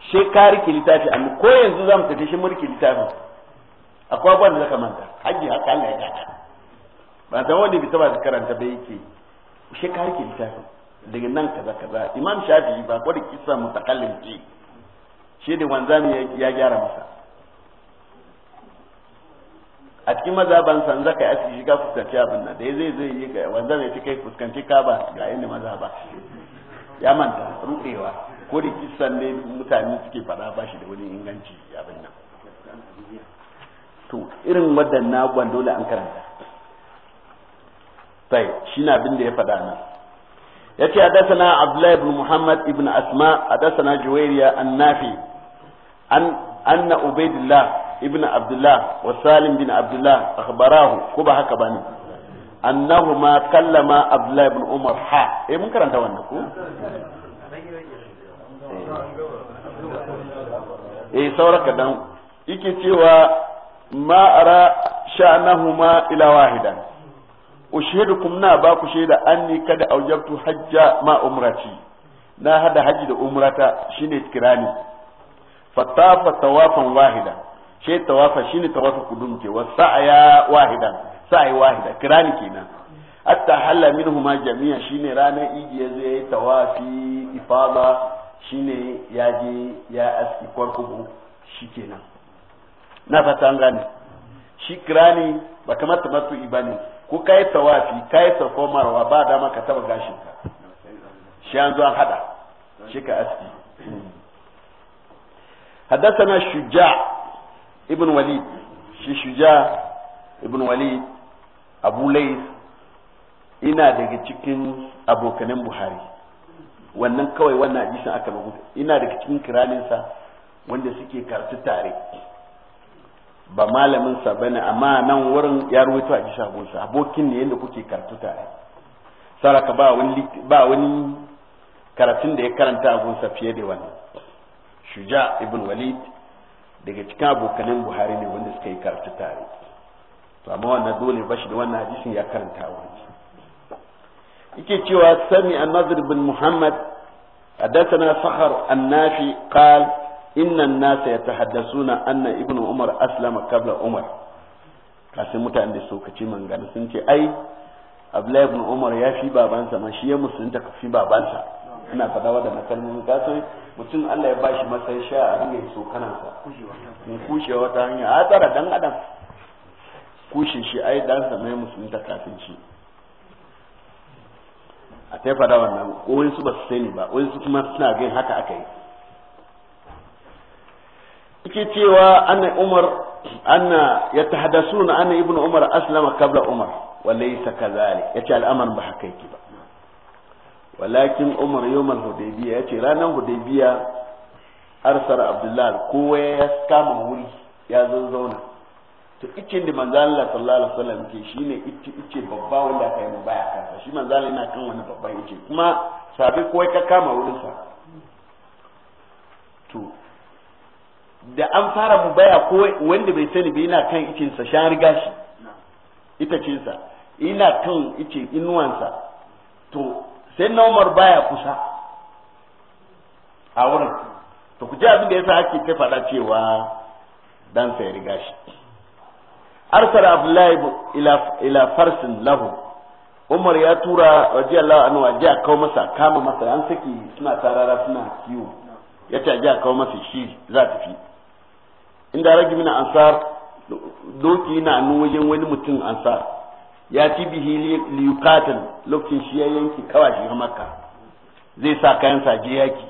Speaker 1: shi ka rike littafi amma ko yanzu za mu tafi shi rike littafi akwai abubuwan da zaka manta hajji haka Allah ya gata ba san wanda bi taba karanta ba yake shi ka rike littafi daga nan kaza kaza imam shafi'i ba ko da kisa mutakallim ce shi da wanzami ya gyara masa a cikin mazhaban san zaka yi asiri ka fuskanci abin nan da zai zai yi ga wanda ne take fuskanci ba ga inda mazhaba ya manta rubewa ko da kisan ne mutane suke fada ba shi da wani inganci abin nan to irin waɗannan gwan dole an karanta tai shi na abin da ya fada nan yace adasana abdullah ibn muhammad ibn asma adasana juwairiya an nafi an anna ubaidillah ibn abdullah wa salim bin abdullah akhbarahu ko ba haka bane annahu ma kallama abdullah ibn umar ha eh, mun karanta wannan ko eh, eh sauraka dan yake cewa ma ara sha'nahuma ila wahida ushidukum na ba ku shaida anni kada aujabtu hajja ma umrati na hada haji da umrata shine kirani fatafa tawafan wahida ce tawafa shine tawafa kudum ke wa sa'aya wahida sa'ayi wahida kirani kenan hatta halla huma jami'a shine ranar igiya zai yi tawafi ifada shine ya je ya aski kwarkubu shikenan na fata an gane shi kirani ba kamar iba ne ko kai tawafi kai sako marwa ba dama ka taba gashin ka shi an zuwa hada shi ka aski حدثنا الشجاع ibn walid shi shuja ibn walid abu lais ina daga cikin abokanen buhari wannan kawai wannan hadisin aka rubuta ina daga cikin kiraninsa wanda suke karatu tare ba malamin sa bane amma nan wurin ya rubuta a bisa sa abokin ne yanda kuke karatu tare saraka ba wani ba wani karatun da ya karanta a gunsa fiye da wannan shuja ibn walid daga cikin abokanan buhari ne wanda suka yi karatu tare to amma wannan dole ba shi da wannan hadisin ya karanta wani yake cewa sami an nadir bin muhammad an-nafi qal inna an-nas yatahaddathuna anna ibnu umar aslama qabla umar kasin mutane da suka ci mangana sun ce ai abdullahi ibn umar ya fi babansa ma shi ya musulunta ka fi babansa ina faɗa waɗannan kalmomi ka so mutum Allah ya bashi matsayin sha a hanyar sokanansa kushe wata hanya a tsara dan adam kushe shi ai dan sa mai musulunta kafin shi a ta faɗa wannan wani su ba su sani ba wani su kuma suna gain haka aka yi yake cewa anna umar anna na anna ibnu umar aslama kabla umar wa laysa ya yace al'amarin ba haka yake ba walakin umar yawmal hudaybiya yace ranar hudaybiya arsar abdullahi kowa ya kama wuri ya zazzauna to icin da manzo Allah sallallahu alaihi wasallam ke shine ice ice babba wanda aka yi baya kansa shi manzo Allah yana kan wani babban ice kuma sabe kowa ka kama wurin sa to da an fara mu baya ko wanda bai sani ba yana kan icin sa shan riga shi ita ce sa ina kan ice inuwansa to sai na umar baya kusa a wurin to ku ji abin da yasa ake ta faɗa cewa dan sai riga shi arsala abdullahi ila ila farsin lahu umar ya tura radiyallahu anhu a ji a kawo masa kama masa an saki suna tarara suna kiwo ya ce a ji a kawo masa shi za ta fi inda ragi mina ansar doki na wajen wani mutum ansar ya ci bihi liyukatin lokacin shi ya yanki shi a makka zai sa kayan saje yaki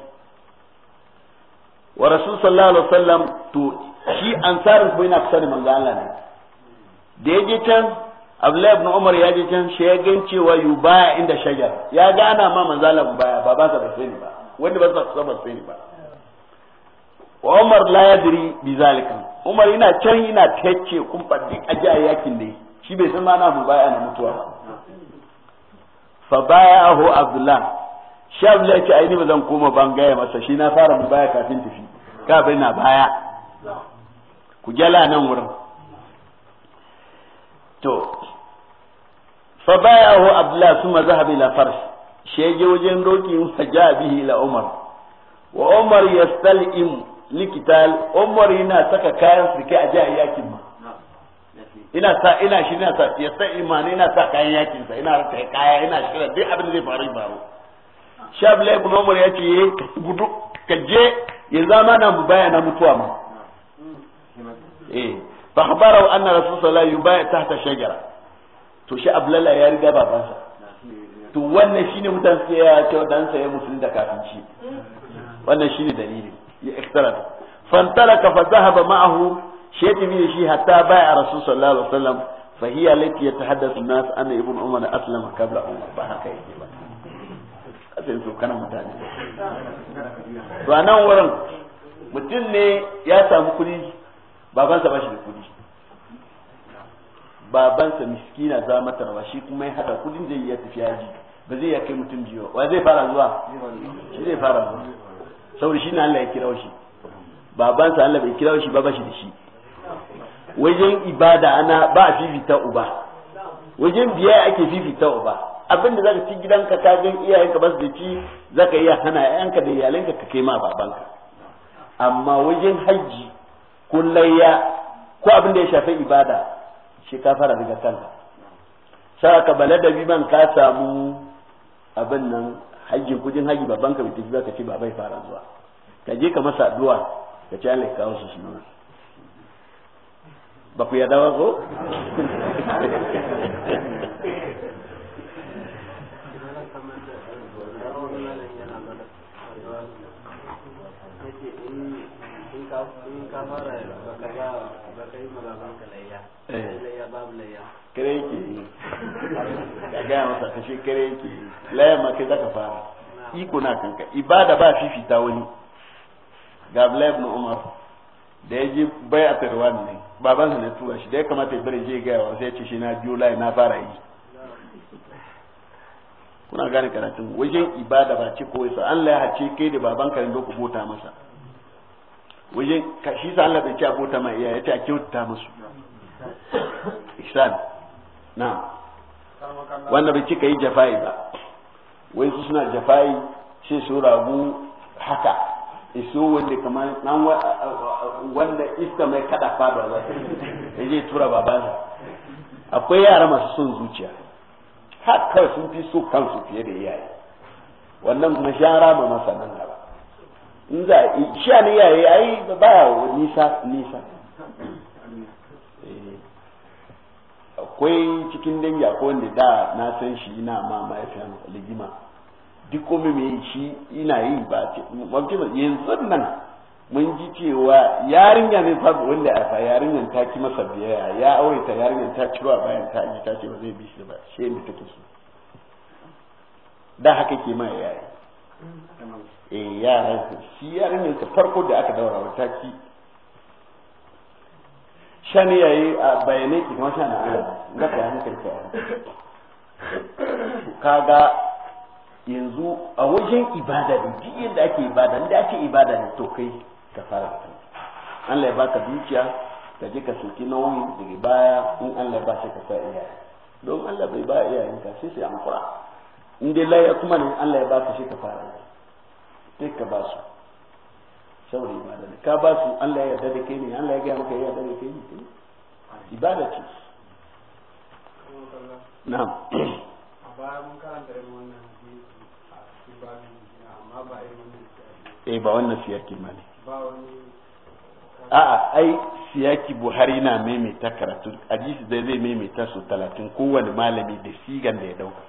Speaker 1: wa rasul sallallahu alaihi wasallam to shi ansarin ko yana kusa da manzo Allah ne da ya je can Abdullahi ibn Umar ya je can shi ya gan cewa yubaya inda shajar ya gana ma manzo Allah baya ba ba sa ba sai ba wanda ba sa kusa ba sai ba wa Umar la yadri bi zalika Umar yana can yana tacce kun fadi aje yakin ne shi bai san ma mu baya na mutuwa Fa baya bayahu abdullah shi abdullah ce aini ba zan koma ban gaya masa shi na fara mu baya kafin tafi ka bai na baya ku gyala nan wurin to fa baya bayahu abdullah suma zahaba ila fars shi ya je wajen dokin faja bihi ila umar wa umar yastal'im likital umar yana saka kayan su kai a ji yakin ma ina sa ina shi ina sa ya sa imani ina sa kayan yakin sa ina rata kaya ina shirya duk abin zai faru faru shabla ibn umar ya ce gudu ka je ya zama na baya na mutuwa ma eh fa khabara anna rasul sallallahu ta tahta shajara to shi ablala ya riga sa to wannan shine mutan sai ya ce dan sa ya musulun da kafin shi wannan shine dalili ya ikhtara antalaka fa zahaba ma'ahu shi da shi hatta baya rasul sallallahu alaihi wasallam fa hiya lati yatahaddathu an-nas anna ibnu umar aslama qabla umar ba haka yake ba kasan su kana mutane
Speaker 2: to anan wurin
Speaker 1: mutum ne ya samu kudi babansa ba shi da kudi babansa miskina za mata rawa shi kuma ya hada kudin da ya tafi yaji ba zai ya kai mutum jiyo wa zai fara zuwa
Speaker 2: shi zai fara zuwa
Speaker 1: saboda shi na Allah ya kira shi babansa Allah bai kira shi ba ba shi da shi wajen ibada ana ba a fifita uba wajen biya ake fifita uba abin da zaka ci gidanka ka ga iyayenka ba su da ci zaka iya hana yayanka da iyalanka ka kai ma babanka amma wajen hajji ko ko abin da ya shafi ibada shi ka fara daga kanka sai ka bi man ka samu abin nan haji kudin hajji babanka bai tafi ba ka babai fara zuwa ka je ka masa addu'a ka ce Allah ka kawo su sunan ba ku yarda ba ko
Speaker 2: ka
Speaker 1: fara iko na kanka ibada ba fifita wani ga Abdullahi ibn Umar da ya je bai a ne babansa ne tura shi da ya kamata ya bari je gaya wa sai ya ce shi na biyo layi na fara yi kuna gane karatun wajen ibada ba ce ko sa Allah ya hace kai da baban ka ku bota masa wajen ka shi sa Allah bai ce a bota ma iyaye ta kyautata musu ihsan na wanda bai ce kai jafai ba wai su suna jafai sai su ragu haka iso wanda kamar nan wanda iska mai kada fada ba da je tura babana akwai yara masu son zuciya har sun fi so kansu fiye da iyaye wannan kuma shara ba masa nan gaba in za a sha ne iyaye ai baya nisa nisa eh, akwai cikin dangi akwai wanda da na san shi ina ma mahaifiyar ligima duk komai mai shi ina yi ba ce yanzu nan mun ji cewa yarinya ne fa wanda a fa yarinyan ta ki masa biyayya ya aure ta yarinyan ta ci ba bayan ta ji ta ce ba zai bi shi ba shi ne take so da haka ke ya yayi eh yara shi yarinyan ta farko da aka daura wa ta ki shani yayi a bayanai ki kuma shana ana ga ta hankali ka ga. yanzu a wajen ibada da duk yadda ake ibada da ake ibada ne to kai ka fara Allah ya baka dukiya ka je ka soki nauyi daga baya in Allah ba sai ka sa iya don Allah bai ba in ka sai sai an fara in dai laya kuma ne Allah ya baka shi ka fara sai ka ba su saboda ibada ka ba su Allah ya yarda da kai ne Allah ya ga maka yarda da kai ne ibada ce
Speaker 2: na'am a baya mun karanta wannan
Speaker 1: eh ba wannan siyaki ma ne a'a ai siyaki buhari na maimaita karatu hadisi zai zai maimaita su talatin kowane malami da sigan da ya dauka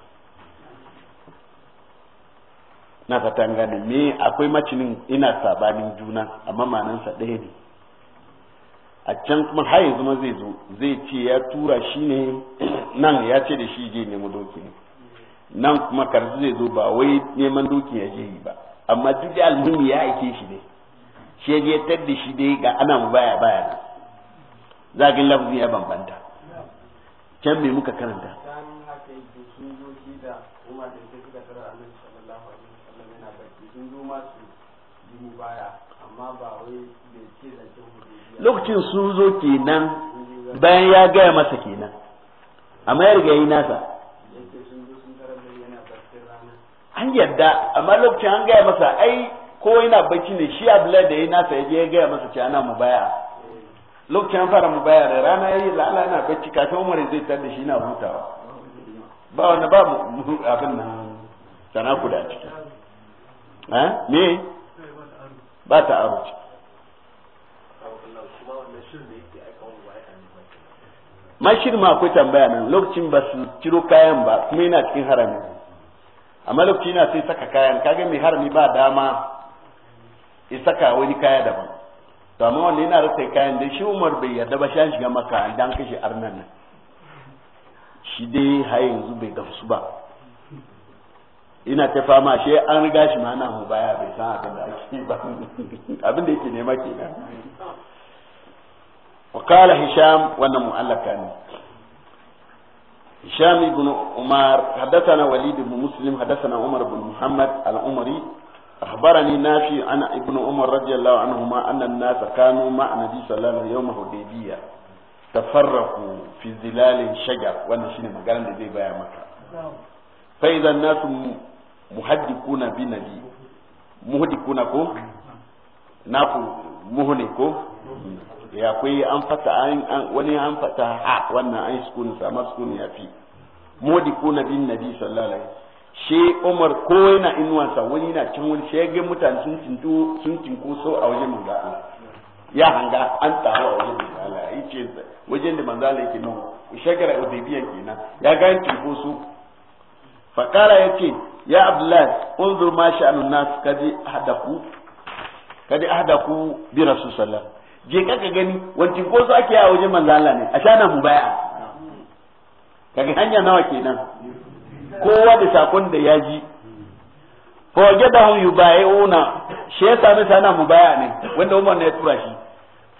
Speaker 1: na fata gane me akwai macinin ina sabanin juna amma manansa ɗaya ne a can kuma har yanzu zai zo zai ce ya tura shi ne nan ya ce da shi je nemi doki ne nan kuma karzu zai zo ba wai neman dukiya ya je ba amma duk da almuni ya aike shi ne shi ya tar da shi dai ga ana mu baya baya nan zagin lafzi ya bambanta can me muka karanta lokacin sun zo kenan bayan ya gaya masa kenan amma ya riga yi nasa an yadda amma lokacin an gaya masa ai ko yana bacci ne shi abdullahi da ya nasa ya je ya gaya masa cewa ana mubaya lokacin an fara mubaya da rana ya yi la'ala yana bacci kafin umar zai tar da shi na hutawa ba wanda ba abin nan sana kuda ciki ha eh? me ba ta aruci ma shirin ma akwai tambaya nan lokacin ba su ciro kayan ba kuma yana cikin haramin a lokaci na sai saka kayan kaga mai harami ba dama ya saka wani kaya daban to amma wanda yana rasa kayan da shi Umar bai yarda ba shi shiga maka an dan kashe arnan nan shi dai har yanzu bai gamsu ba ina ta fama shi an riga shi ma ana mu baya bai san abin da ake ba abin da yake nema kenan wa qala hisham wannan mu'allaka ne هشام بن عمر حدثنا وليد بن مسلم حدثنا عمر بن محمد العمري أخبرني نافي عن ابن عمر رضي الله عنهما أن الناس كانوا مع النبي صلى الله عليه وسلم يوم حديبية تفرقوا في ظلال شجر وأنا شنو مقال زي بايا مكة فإذا الناس muhaddikuna bi nabi muhaddikuna ko naku muhne ko ya akwai an fata an wani an fata ha wannan an sukun sama sukun ya fi modi ko nabin nabi sallallahu alaihi shi umar ko yana inuwansa wani na can wani shi ga mutane sun cinto sun cinko so a wajen manzo Allah ya hanga an taru a wajen manzo Allah ce wajen da manzo Allah yake nan shagara udaybiya kenan ya ga cinko so fakara yace ya abdullah unzur ma sha'anun nas kadi hadaku kada ahda ku bi rasul sallallahu je kaka gani wancin ko su ake a wajen manzo Allah ne a shana mu baya kaga hanya nawa kenan kowa da sakon da ya ji fa wajadahum yubai'una shi ya sami sana mu baya ne wanda Umar ne ya tura shi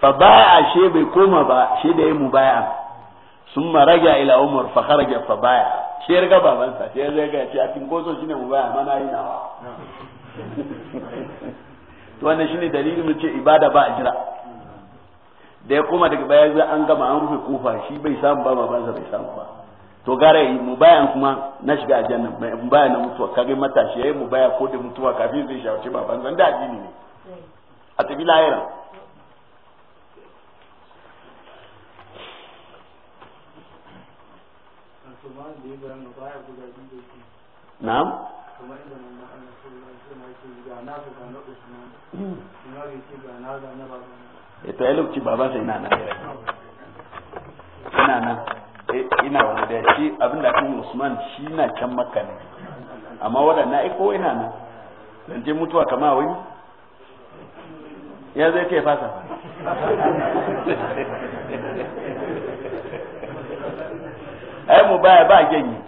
Speaker 1: fa baya she bai koma ba she da ya mu baya sun maraja ila Umar fa kharaja fa baya shi ya riga babansa shi ya ga ya ce a tinkoso shine mu baya mana yi nawa to wannan shine dalilin mu ce ibada ba ajira da ya koma daga baya zai an gama an rufe kofa shi bai samu ba ba bai samu ba to gara yi mu bayan kuma na shiga aljanna mai mu bayan na mutuwa kage matashi yayi mu baya ko da mutuwa kafin zai shawarci babansa da addini ne a tafi lahira
Speaker 2: na'am to ai
Speaker 1: lokaci baban sai ina nan ina nan ina wani da shi abin da kan Usman shi na can Makka ne amma wadannan ai ko ina nan dan je mutuwa kama wani ya zai ce fasa ai mu baya ba genyi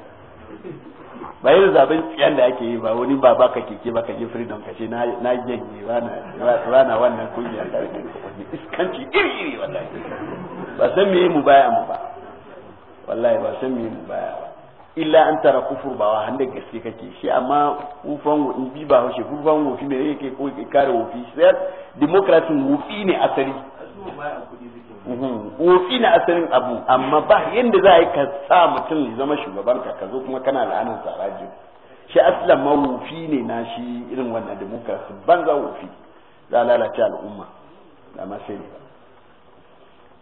Speaker 1: ba yin zaben tsiyan da ake yi ba wani ba ka keke ba ka je freedom ka ce na janye ba na wannan kungiyar da ake iskanci
Speaker 2: iri iri wallahi ba san me
Speaker 1: mu baya mu ba wallahi ba san me mu baya ba illa an tara kufur ba wa hannun gaske kake shi amma kufan in bi ba haushe kufan wofi ne yake ko kare wofi sai wofi ne asali ofi na asalin abu amma ba yadda za a yi ka sa mutum ya zama shugaban ka ka zo kuma kana la'anar saraji shi aslan ma wofi ne na shi irin wannan demokrasi banza wofi za a lalace al'umma da ma sai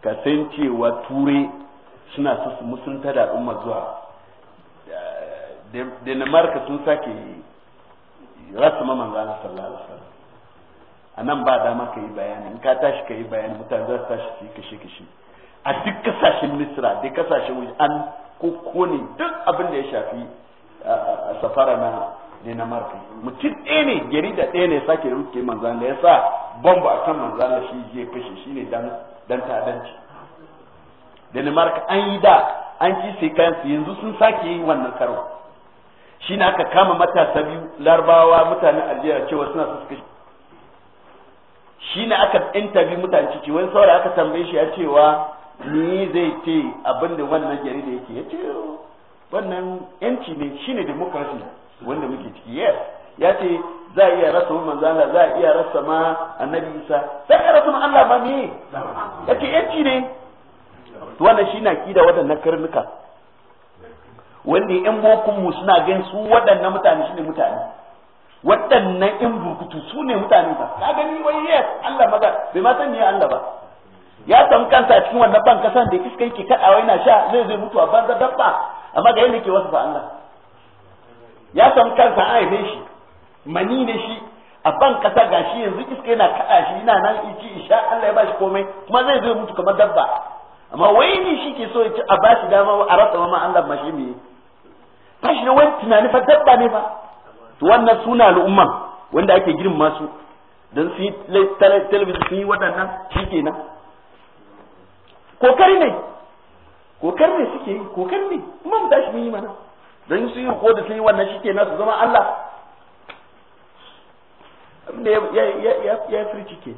Speaker 1: ka san cewa ture suna su musunta da al'umma zuwa eh, dinamarka sun sake mamman manzana sallallahu alaihi a nan ba dama ka yi bayani in ka tashi ka yi bayani mutane za su tashi su yi kashe kashe a duk kasashen Misira duk kasashen waje an ko ne duk abin da ya shafi safara na ne na marka mutum ɗaya ne jarida ɗaya ne sake rubuce manzan da ya sa bomba akan manzan da shi je kashe shi ne dan Da ne marka an yi da an ci sai kansu yanzu sun sake yi wannan karo shi ne aka kama matasa biyu larabawa mutanen Algeria cewa suna su kashe shi ne aka intabi mutane ciki wani saura aka tambaye shi ya cewa ni zai ce abin da wannan da yake ya ce wannan yanci ne shi ne demokrasi. wanda muke ciki yes ya ce za a iya rasa wani manzana za a iya rasa ma annabi isa za a iya rasa ma allah ma me ya ce yanci ne wannan shi na kida waɗannan karnuka wanda yan bokunmu suna gan su waɗannan mutane shi ne mutane waɗannan in burkutu su ne mutane ba ka gani wai yes Allah maza bai ma san ni Allah ba ya san kansa a cikin wannan ban kasan da iska yake kadawa yana sha zai zai mutu a banza dabba amma ga yadda yake wasu Allah ya san kansa a ne shi mani ne shi a ban kasa gashi yanzu iska yana kada shi yana nan iji insha Allah ya bashi komai kuma zai zai mutu kamar dabba amma wai ni shi ke so ya ci a bashi dama a rasa ma Allah mashi me ba shi da wani tunani fa dabba ne ba to wannan suna al'umman wanda ake girin masu, don su yi talabijin sun yi waɗannan shi nan kokari ne kokari ne suke yi kokari ne kuma mu tashi mun yi mana don su yi ko da sun yi wannan shi nan su zama Allah abinda ya firci ke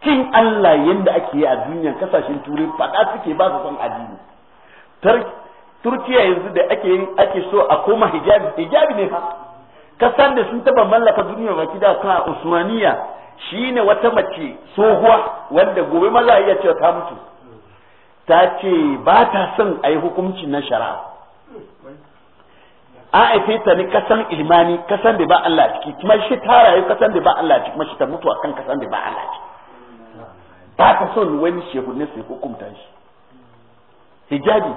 Speaker 1: kin Allah yadda ake yi a duniyar kasashen turai faɗa suke ba su son addini turkiya yanzu da ake ake so a koma hijabi hijabi ne fa kasan da sun taba mallaka duniya ba da kan usmaniya shine wata mace tsohuwa wanda gobe maza a iya cewa ta mutu ta ce ba ta son a yi hukunci na shari'a a haife ta ne kasan ilmani kasan da ba Allah ciki kuma shi ta rayu kasan da ba Allah ciki kuma shi ta mutu akan kasan da ba Allah ciki ba ta son wani shehu ne sai hukunta shi hijabi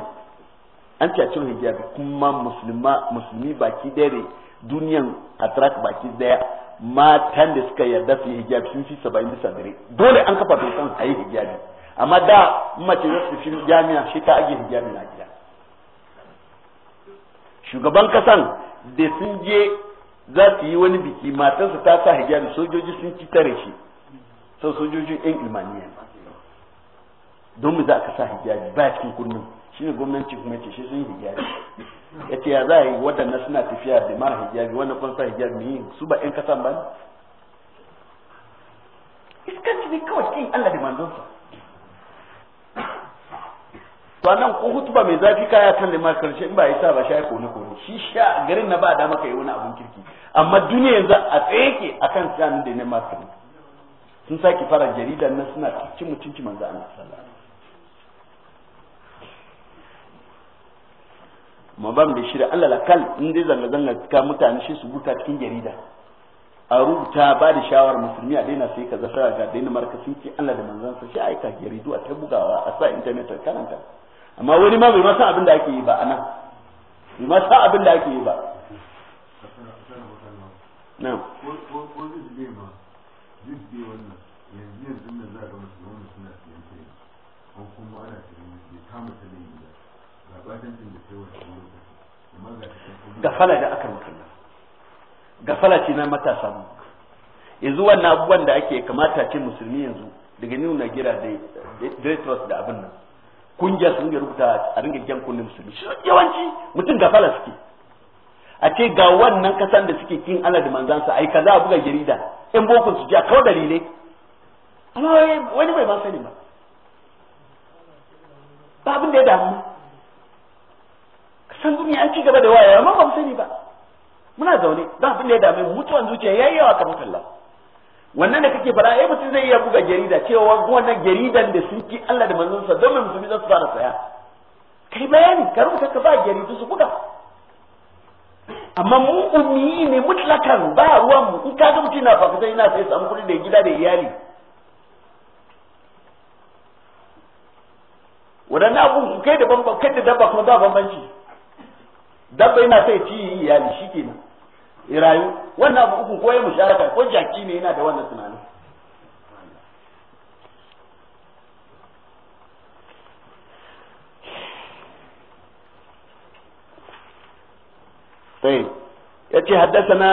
Speaker 1: an ce a cikin hijabi kuma musulma musulmi baki dare duniyan atrak baki daya matan da suka yarda su yi hijabi sun fi saba'in bisa dare dole an kafa dokan a yi hijabi amma da mace za su fi jami'a shi ta ajiye hijabi na gida shugaban kasan da sun je za su yi wani biki matarsa ta sa hijabi sojoji sun ci tare shi sau sojoji yan ilmaniya don mu za ka sa hijabi ba cikin kullum shi ne gwamnati kuma ce shi sun hijabi ya ce ya za a yi waɗanda suna tafiya da mara hijabi wanda kuma sa hijabi mai yin su ba ƴan kasan ba ne iskanci ne kawai kin Allah da manzonsa to nan ko hutuba mai zafi kaya kan da mara karshe in ba yi sa ba shi kone kone shi sha garin na ba dama ka yi wani abun kirki amma duniya yanzu a tsaye ke kan tsanin da ne masu sun sake fara jarida nan suna cin mutunci manzo Allah sallallahu ma ban mu da shirya Allah lakal in dai zanga zanga ka mutane shi su buta cikin jarida a rubuta ba da shawar musulmi a daina sai ka sai ga daina markasin ce Allah da manzon sa shi aika jaridu a ta bugawa a sa internet a karanta amma wani ma bai ma san abin da ake yi ba anan
Speaker 2: bai ma san abin da ake yi ba na'am yanzu yanzu ne za ga musulmi suna siyan kai an kuma ana siyan kama ta ne gafala da
Speaker 1: aka makalla gafala ce na matasa mu yanzu wannan abubuwan da ake kamata ce musulmi yanzu daga nuna gira da directors da abin nan kungiya sun yi rubuta a ringa gyan kullum musulmi yawanci mutum gafala suke a ce ga wannan kasan da suke kin Allah da manzansa ai kaza buga jarida in bokun su ji a kawo dalilai amma wani bai ba sani ba ba abin da ya damu san ya an ci gaba da waya amma ba mu sani ba muna zaune ba abin da ya dame mutuwan zuciya yayi yawa kamar kalla wannan da kake fara ai eh, mutum zai iya buga jarida cewa wannan jaridan da sun ki Allah da manzon sa don musulmi za su fara saya kai bayani ka rubuta ka ba jaridu su buga amma mu ummi ne mutlakan ba ruwan mu in ga mutum na fakata ina sai samu kuɗi da gida da iyali wadannan abun kai da bambam kai da dabba kuma ba bambanci dabba yana sai ci iyali shi ke nan rayu wannan abu uku ko ya musharaka ko jaki ne yana da wannan tunanin haddasa na.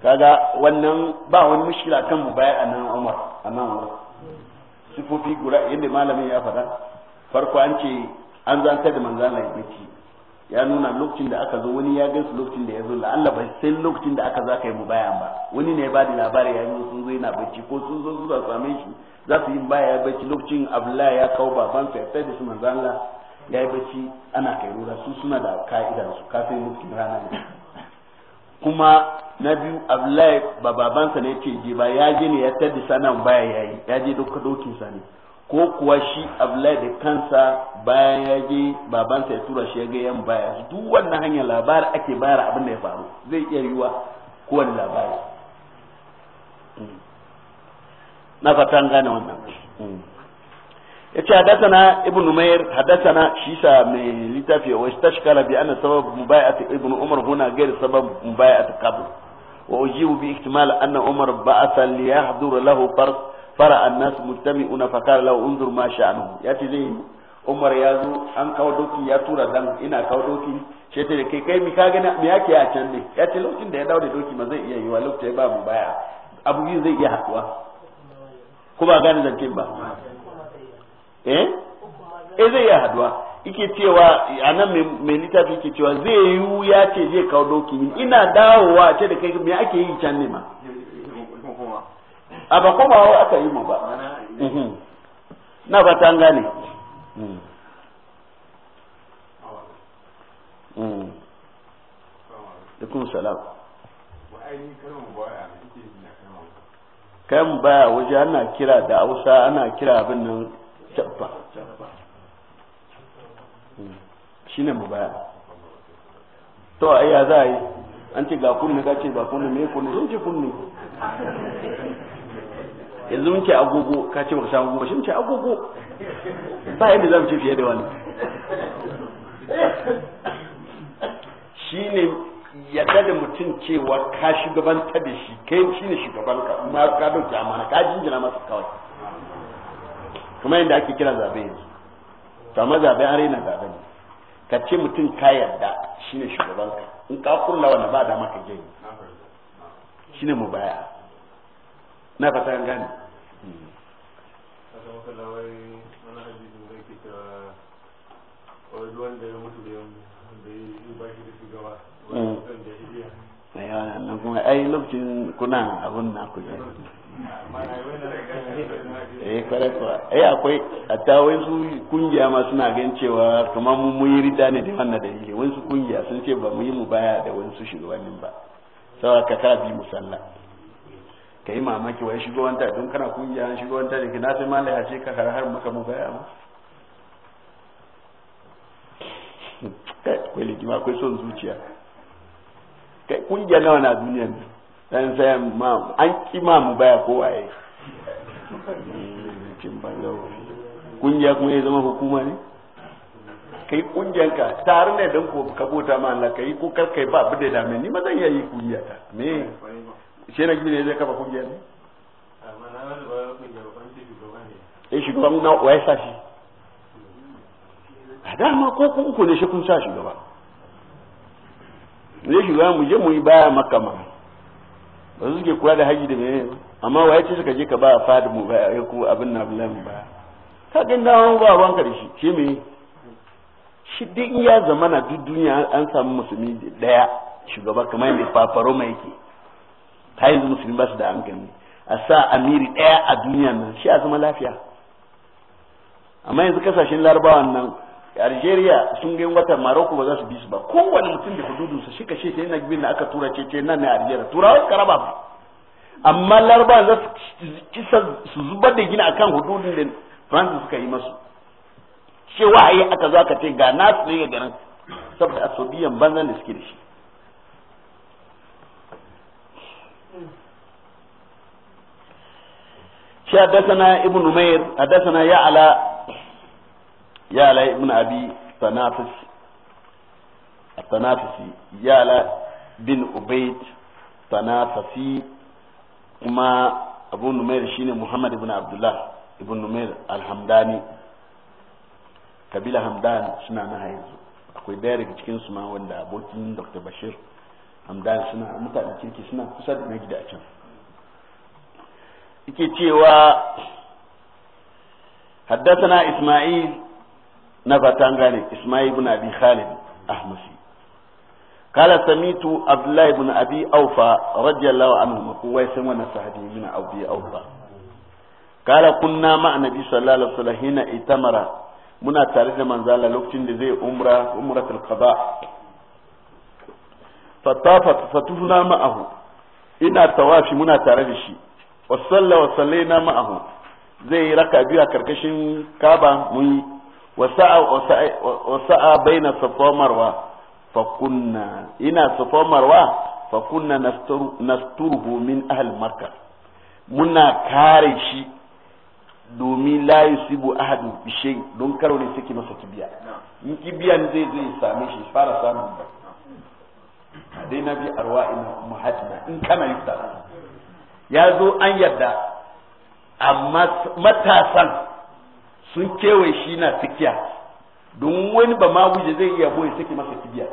Speaker 1: ka kaga wannan ba wani mushkila kan mu baya a nan Umar a nan Umar sifofi guda yadda malamin ya faɗa farko an ce an zantar da manzo Allah bacci ya nuna lokacin da aka zo wani ya gansu lokacin da ya zo la'alla ba sai lokacin da aka zaka yi mu bayan ba wani ne ba bada labari ya yi sun zo yana bacci ko sun zo zuwa same shi za su yi baya ya bacci lokacin abdullahi ya kawo baban sa sai da su manzo ya yi bacci ana kai rura su suna da ka'idan su kafin lokacin rana ne kuma na biyu abdullahi ba babansa ne ce je ba ya je ne ya tadda sanan baya yi ya je dokokin sa ne ko kuwa shi abulai da kansa bayan ya je babansa ya tura shi ya ga yan baya duk wannan hanyar labari ake bayar abin da ya faru zai iya yiwa kowane labari hmm. na fatan gane wannan hmm. yace na ibn umair shi sa mai littafi wa kala bi anna sabab mubai'at ibn umar huna ghayr sabab mubai'at qabl wa ujibu bi ihtimal anna umar ba'atha li yahdura lahu farq fara annas mujtami una fakar lahu unzur ma ya ce zai Umar ya zo an kawo doki ya tura dan ina kawo doki ce ta kai kai mi ka gani me yake a can ne ya ce lokacin da ya dawo da doki ma zai iya wa lokacin ya ba mu baya abu yin zai iya haɗuwa ko ba gane zancen ba eh eh zai iya haɗuwa yake cewa a nan mai littafi yake cewa zai yiwu ya ce zai kawo doki ina dawowa ce da kai me ake yi can ne ma a ba kuma wai aka yi mu ba na ba ta gane dukkan salam kayan baya waje ana kira da hausa ana kira abin nan cabba hmm. shi ne mu baya to a ya za a yi an ce ga kunne ka ce ba kunne me kunne sun ce
Speaker 2: yanzu
Speaker 1: mun ce agogo ka ce baka samu agogo shi mun ce agogo
Speaker 2: ba yadda zamu ce fiye da wani
Speaker 1: shine yadda da mutum cewa ka shugabanta da shi kai shine shugaban ka amma ka dauki amana ka jinjina masa kawai kuma yadda ake kira zabe yanzu to amma zabe an raina zabe ne ka ce mutum ka yarda shine shugaban ka in ka kurla wanda ba da maka shi shine mu
Speaker 2: baya na
Speaker 1: fata gane
Speaker 2: kuma kalawai wani hadisi da ke cewa wani wanda ya mutu da da ya ba shi da shugaba wani kan jahiliya
Speaker 1: da yawa nan kuma ai lokacin kuna abun na ku je
Speaker 2: eh kare kuwa ai
Speaker 1: akwai hatta wai su kungiya ma suna gan cewa kamar mun muyi rita ne da wannan dalili wai su kungiya sun ce ba mu yi mu baya da wani su shugabannin ba saboda ka bi musalla ka yi mamaki wai shugabanta don kana kungiya an shugabanta da ke na sai malai a ce ka har har maka mu baya ma kai likima akwai son zuciya kai kungiya nawa na duniyan ne dan sai ma an kima mu baya ko waye
Speaker 2: eh, cin bangawo
Speaker 1: kungiya kuma ya zama hukuma ne kai kungiyanka tare ne don ko ka bota ma Allah kai ko kar kai ba bude da ni ma zan iya yi kungiya ta me shi na gini zai kafa kungiyar ne eh shugaban na waye sa shi a dama ko ku uku ne shi kun sa shugaba ne shugaba mu je mu yi baya maka ma ba su suke kula da haji da menene amma wa ya ce suka je ka ba a fadi mu ba ya ku abin na bulan ba ka ga wani ba wanka da shi shi me shi duk ya zama na duk duniya an samu musulmi daya shugaba kamar yadda fafaro mai yake har yanzu musulmi ba su da hankali a sa amiri ɗaya a duniya nan shi a zama lafiya amma yanzu kasashen larabawan nan algeria sun ga wata maroko ba za su bi su ba kowane mutum da hududunsa shi kashe ta yana gibin da aka tura ce ce na na algeria turawa karaba ba amma larabawan za su kisa su zubar da gina a kan hududun da france suka yi masu cewa a yi aka zo aka ce ga nasu ne ga garin saboda asobiyan banzan da suke da shi shi haddasana ibn umair haddasana ya'ala ya'ala ibn abi tanafis tanafisi ya'ala bin ubaid tanafasi kuma abu numair shine muhammad ibn abdullah ibn numair alhamdani kabila hamdan suna na yanzu akwai daya da cikin su ma wanda abokin dr bashir hamdan suna mutane kirki suna kusa da na gida a can yake cewa حدثنا إسماعيل نفتان غاني إسماعيل بن أبي خالد أحمسي قال سميت عبد الله بن أبي أوفى رضي الله عنه مقوى سمونا سهدي من أبي أوفى قال كنا مع النبي صلى الله عليه وسلم هنا اتمر منا تاريخ من زال لوكتين زي عمرة عمرة القضاء فطافت فتفنا معه إن التوافي منا تاريخ wasalla wasallai na ma'ahu zai yi raka biyu a karkashin kaba mun yi wasa'a baina safa marwa kunna ina safa marwa kunna nasturhu min ahal marka muna kare shi domin la yusibu ahadu bishay don karo ne suke masa kibiya in kibiyan zai zai same shi fara samun ba a dai na bi arwa ina muhajjina in kana yi ya zo an yarda amma matasan sun kewaye shi na tsakiya don wani ba ma guje zai iya boye saki masa tibiya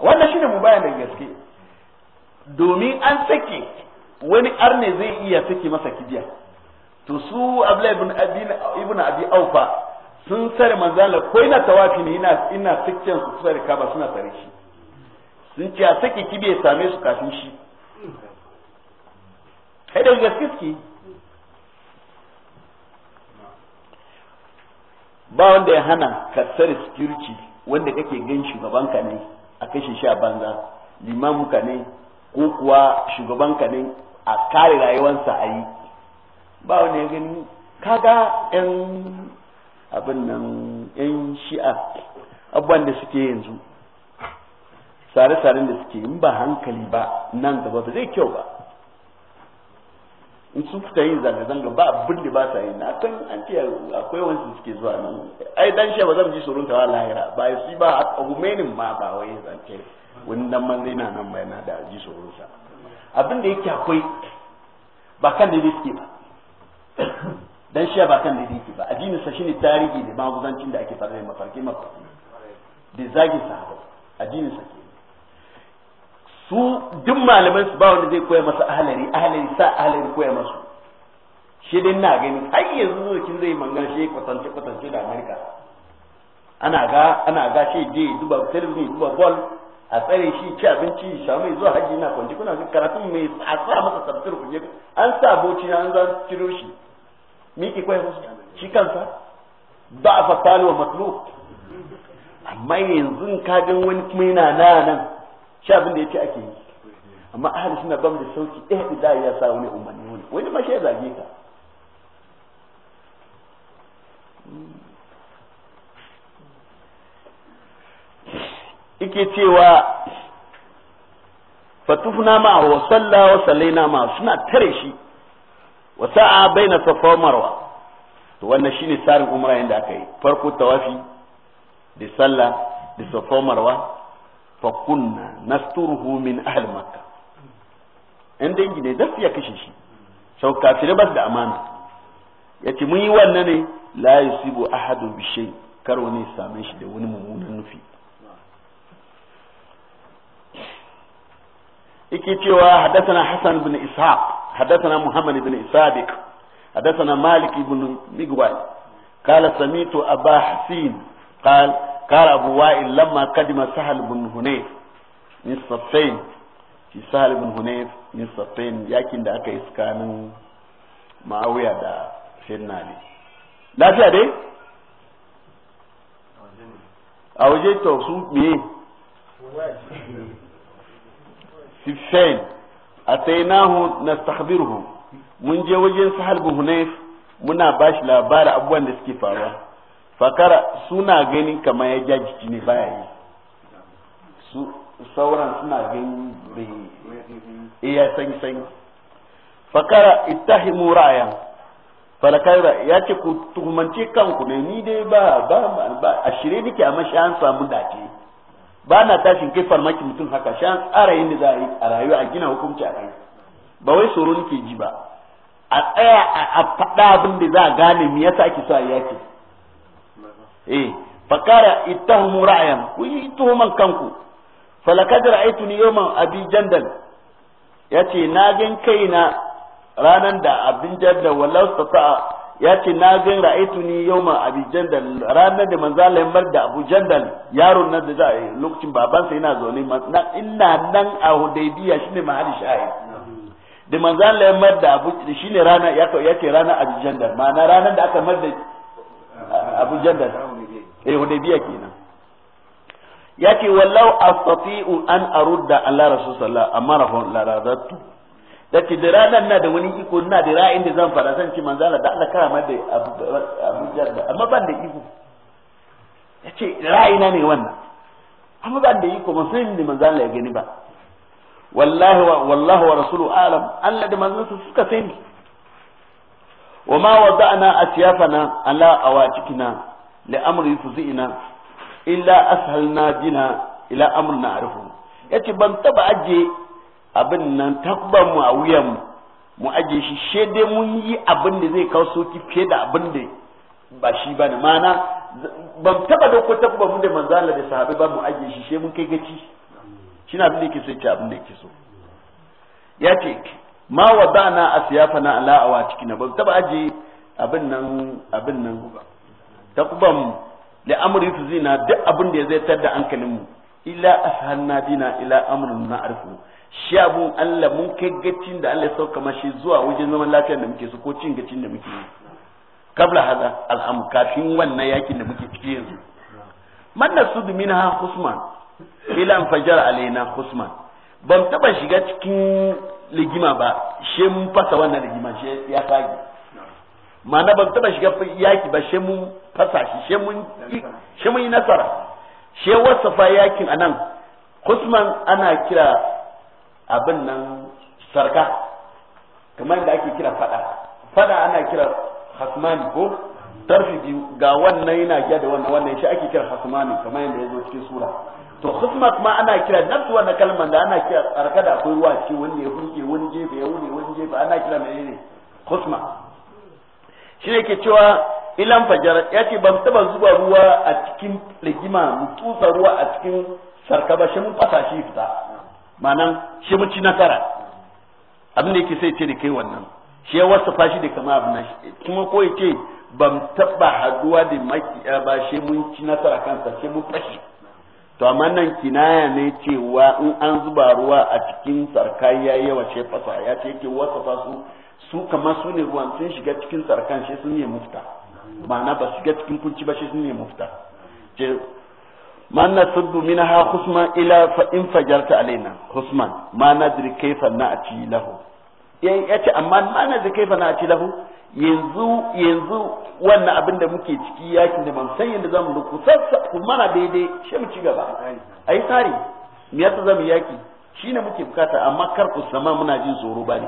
Speaker 1: wannan shine mubaya da gaske domin an sake wani arne zai iya saki masa kibiya to su abla ibn abi ibn abi aufa sun sare manzala ko na tawafi ne ina ina sakken su sare kaba suna sare shi sun ce a sake kibiya same su kafin shi kai da gaske suke ba wanda ya hana ka tsare security wanda kake gan ka ne a kashe shi a banza ka ne ko kuwa ka ne a kare rayuwarsa a yi ba wanda ya gani kaga yan abin nan yan shi'a abubuwan da suke yanzu sare-saren da suke yi ba hankali ba nan gaba ba zai kyau ba in su fita yin zanga-zanga ba abin da ba sa yi na kan an ce akwai wani suke zuwa nan ai dan shi ba zan ji surun tawa lahira ba shi ba a gumenin ma ba wai zance wani dan man zai na nan bai na da ji surun sa abin da yake akwai ba kan da suke ba dan shi ba kan da yake ba addinin sa shine tarihi da maguzancin da ake fara mafarki mafarki da zagi sahaba addinin sa ke su duk malaman su ba wanda zai koya masa ahalari ahalari sa ahalari koya masu shi dai na gani har yanzu zuwakin zai mangan shi kwatance kwatance da amerika ana ga ana ga shi je duba television duba ball a tsare shi ci abinci sha mai zuwa haji na kwanci kuna ga karatun mai a sa masa tafsir kuje an sa boci an za ciro shi me ke koya musu shi kansa ba matlu amma yanzu wani kuma shi abin da ya ce ake yi amma ahli suna ba da sauki eh da ya sa wani umarni wani wani ma shi ya zage ka ike cewa fatufna ma wa salla wa sallaina ma suna tare shi wa sa'a baina safa wa marwa to wannan shine tsarin umra da aka yi farko tawafi da sallah da safa marwa fakunna nasturuhu min ahli makka yan dangi ne zasu ya kashe shi sau kafirai ba da amana ya ce mun yi wannan ne la yusibu ahadu bi shay kar wani same shi da wani mummunan nufi yake cewa hadathana hasan bin ishaq hadathana muhammad bin sadiq hadathana malik bin migwal قال سميت أبا حسين قال قال أبو وائل لما قدم سهل بن هنيف من صفين في سهل بن هنيف من صفين لكن ده أكا إسكان معاوية ده سيدنا علي لا تأدي أوجه توسوط ميه صفين أتيناه نستخبره من je wajen sahal bin hunayf muna bashi labarin abubuwan da suke faruwa fakara suna ganin kamar ya ja jiki ne baya yi su sauran suna ganin bai iya eh, san san fakara ittahimu raya falakaira ya ce ku tuhumance kanku ne ni dai ba ba ba a shirye nake amma shi an samu dace ba na tashin kai farmaki mutum haka shan tsara yin da za a yi a rayuwa a gina hukunci a kai ba wai tsoro nake ji ba a tsaya a faɗa abin da za a gane me yasa ake so a yaki eh fakara ittahumu ra'yan ku yi tuhuman kanku falakad ra'aytuni yawman abi jandal yace na gan kaina ranan da abin jandal wallahu stata'a yace na gan ra'aytuni yawman abi jandal ranan da manzo Allah ya da Abu Jandal yaron nan da za lokacin babansa yana zaune na ina nan a Hudaybiya shine mahali shahid da manzo Allah ya mar da Abu shine rana yace rana abi Jandal ma'ana ranan da aka mar da Abu Jandal eh hudaybiya kenan yace wallau astati'u an arudda ala rasul sallallahu amma rahon la radatu dace da ranar na da wani iko na da ra'ayin da zan fara san ci manzala da Allah karama da Abuja da amma ban da iko yace ra'ayina ne wannan amma ban da iko ba san da manzala ya gani ba wallahi wa wallahi wa rasulu alam Allah da su suka sani wa ma wada'na asyafana ala awatikina la amri fuzina illa ashalna bina ila na arifu yace ban taba aje abin nan tabban mu a wuyan mu mu aje shi she dai mun yi abin da zai kawo soki fiye da abin da ba shi ba ne, mana ban taba da ko tabban mu da manzala da sahabbai ba mu aje shi she mun kai gaci shi na abin da yake so ce abin da yake so yace ma wadana asiyafana ala awa cikin ba taba aje abin nan abin nan ba taqbam da amri tuzina zina duk abin da zai tada da hankalin mu ila ashanna dina ila amrun na arfu shi abun Allah mun kai gacin da Allah ya sauka mashi zuwa wajen zaman lafiya da muke su ko cin gacin da muke kabla haza alhamu kafin wannan yakin da muke ciki yanzu man nasud minha husman ila fajar alaina husman ban taba shiga cikin ligima ba shi mun fasa wannan ligima shi ya fage ma'ana ban taba shiga yaki ba she mun fasa shi she mun yi nasara she fa yakin a nan ana kira abin nan sarka kamar da ake kira fada fada ana kira hasmani ko tarfi biyu ga wannan yana gya da wannan wannan shi ake kira hasmani kamar yadda ya zo cikin sura to husmat ma ana kira nafsu wannan kalmar da ana kira sarka da akwai ruwa ce wanda ya hulke wani jefe ya wuni wani jefe ana kira menene husma shi yake cewa ilan fajar ya ce ban taba zuba ruwa a cikin ligima mu tusa ruwa a cikin sarka ba shi mun fasa shi fita ma'anan shi mun ci nasara abin da yake sai ce da kai wannan shi ya wasu fashi da kama abin nan kuma ko ce ban taba haduwa da makiya ba shi mun ci nasara kansa shi mun fashi to amma nan kinaya ne cewa in an zuba ruwa a cikin sarka ya yawa shi fasa ya ce yake wasu fasu su kamar su ne ruwan sun shiga cikin tsarkan shi sun ne mufta ma'ana ba shiga cikin kunci ba shi sun ne mufta ce ma'ana na tuddu min ha husman ila fa in fajarta alaina husman ma na diri kaifa na a ci lahu ya ce amma ma na diri kaifa na a ci lahu yanzu yanzu wannan abin da muke ciki yakin da ban san yadda mu ruku sassa ku mana daidai shi mu ci gaba ayi tsari me yasa mu yaki shine muke bukata amma kar ku sama muna jin tsoro bane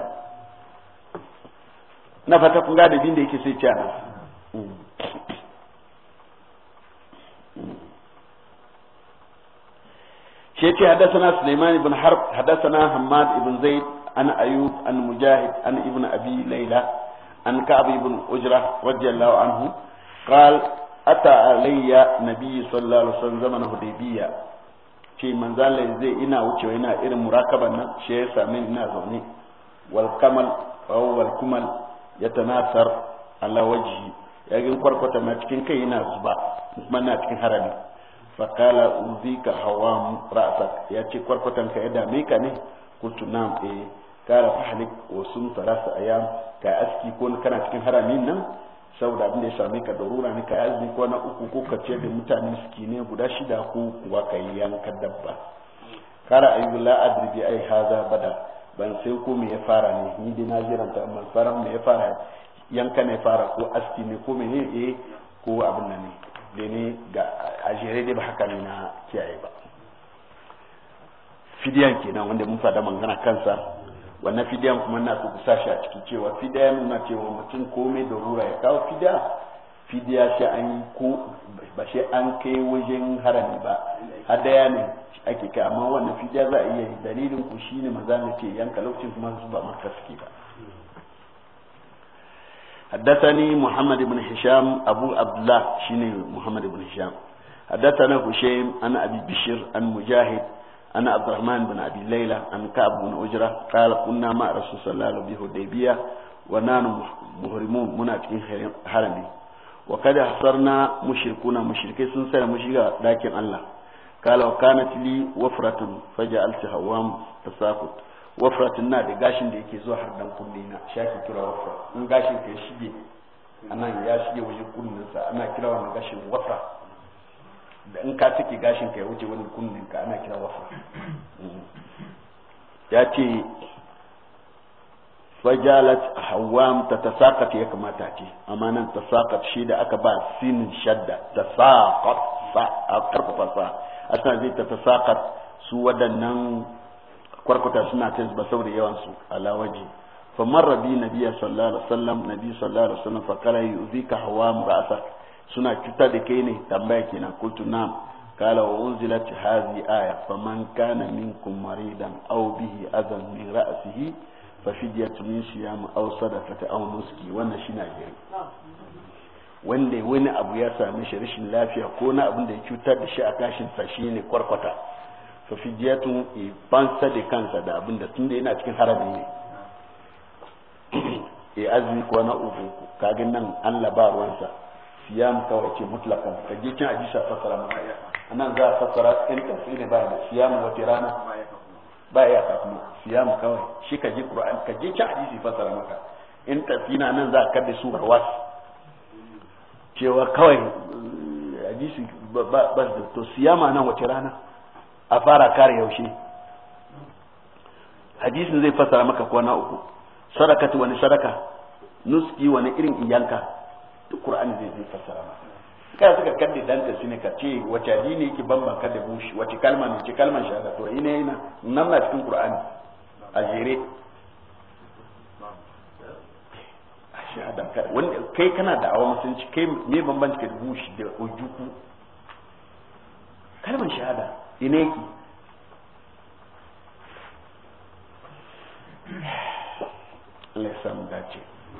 Speaker 1: na fata kun ga dabin da yake sai ce ana shi yake haddasana Sulaiman ibn Harb na Hamad ibn Zaid an Ayub an Mujahid an ibn Abi Layla an Ka'ab ibn Ujra radiyallahu anhu qal ata alayya نبي sallallahu alaihi wasallam zaman زمن ce manzan zai ina wucewa ina irin murakaban nan shi ya sami ina zaune wal kamal wal kumal ya tanasar ala waji gin kwarkwata na cikin kai yana zuba kuma na cikin harami fakala uzika hawam rasa ya ce kwarkwatan ka ya dame ka ne kuntu na'am e eh. kara fahlik wa sun a ayam ka aski ko kana cikin haramin nan saboda abin da ya same ka darura ne ka azumi ko na uku ko ka ce da mutane suke ne guda shida ko kuwa ka yi yanka dabba kara ayyula adribi ai haza bada sai ko me ya fara ne ni dai na jiran ta amma faran me ya fara yanka ne fara ko aski ne ko mene eh ko abin nan ne dai ne ga ajere dai ba haka ne na kiyaye ba fidiyan kenan wanda mun fada magana kansa wannan fidiyan kuma na ku sashi a ciki cewa fidiyan nuna cewa mutum komai da rura ya kawo fidiya fidiya shi an yi ko ba shi an kai wajen harami ba har daya ne ake kai amma wannan fijiyar za a iya yi dalilin ku shi maza ma za yanka lokacin kuma su ba maka suke ba haddathani muhammad ibn hisham abu abdullah shine muhammad ibn hisham haddathana hushaim an abi bishr an mujahid أنا عبد الرحمن بن أبي ليلى عن كعب بن أجرة قال كنا مع رسول الله صلى الله عليه وسلم ونحن محرمون منافقين حرمين wa kada hasarna mushrikuna mushrikai sun sai mu shiga dakin Allah kala wa kanat li wafratun faja'alti hawam tasakut wafratun na da gashin da yake zuwa har dan kullina shaki kira wafra in gashin ka shige anan ya shige wajen kullun sa ana kira wannan gashin wafra da in ka take gashin ka ya wuce wani kullun ka ana kira wafra mm. ya ce fajalat hawam ta tasaqat ya kamata ce amma nan tasaqat shi da aka ba sin shadda tasaqat sa karfafa sa asna zai ta tasaqat su wadannan kwarkuta suna ta zuba saboda yawan su alawaji fa marra bi nabiyya sallallahu alaihi wasallam nabi sallallahu alaihi wasallam fa kala yuzika hawam ra'sak suna cuta da kai ne tambaya kenan kultu na'am قال وأنزلت هذه آية فمن كان منكم مريضا أو به أذى من رأسه fafidiya tunin shi ya mu ausa da fata awon muski wannan shi na gari wanda wani abu ya sami shi rashin lafiya ko na abin da ya cutar da shi a kashin sa shi ne kwarkwata fafidiya tun ibansa da kansa da abin da tun da yana cikin harabi ne e azumi ko na uku kagin nan Allah ba ruwansa siyam kawai ce mutlakan kaje kin aji sa fasara maka nan za a fasara in tafsiri ba da siyam wata rana ba ya ka kuma siyam kawai shi ka ji qur'an ka ji ci hadisi fasara maka in fina nan za ka da su wasu cewa kawai eh, hadisi ba ba to siyama nan wace rana a fara kare yaushe hadisin zai fasara maka kwana uku to wani sadaka nuski wani irin iyanka duk qur'ani zai zai fasara maka kai suka kadi danta shine ka ce wace addini yake bamban kadi da bushi wace kalma ne ce kalman shahada to ina ina nan na cikin qur'ani a jere shahada wanda kai kana da awa musulunci kai me bambanci ka da bushi da ojuku
Speaker 2: kalman shahada
Speaker 1: ina yake Allah ya samu dace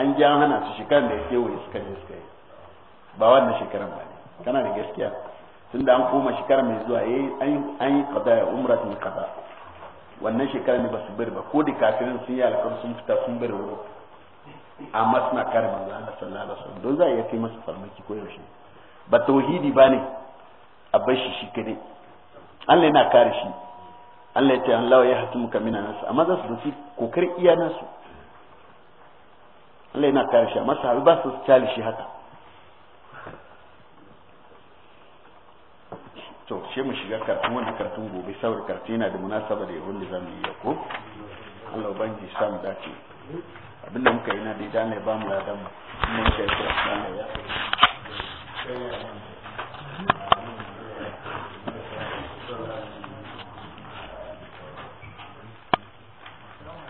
Speaker 1: an ji hana su shekaran da ya kewaye suka je suka yi ba wannan shekaran ba ne kana da gaskiya tun da an koma shekara mai zuwa yayi eh, an yi kada ya umra tun kada wannan shekara ne ba su bari ba ko da kafirin sun yi alkar sun fita sun bari wuri amma suna kare manzo Allah sallallahu alaihi wasallam don za a iya kai masa farmaki ko yaushe ba tauhidi ba ne a bar shi shi kadai Allah yana kare shi Allah ya ce Allah ya hatimu ka mina nasu amma za su dauki kokar iya nasu Allah yana kare shi amma sahabi ba su tsali shi haka to shi mu shiga karatun wannan karatun gobe saboda karatun yana da munasaba da yawon da za mu yi yau ko Allah ubangi sa mu dace abinda muka yi na da idan ne ba mu ladan mu mun kai Allah
Speaker 2: ya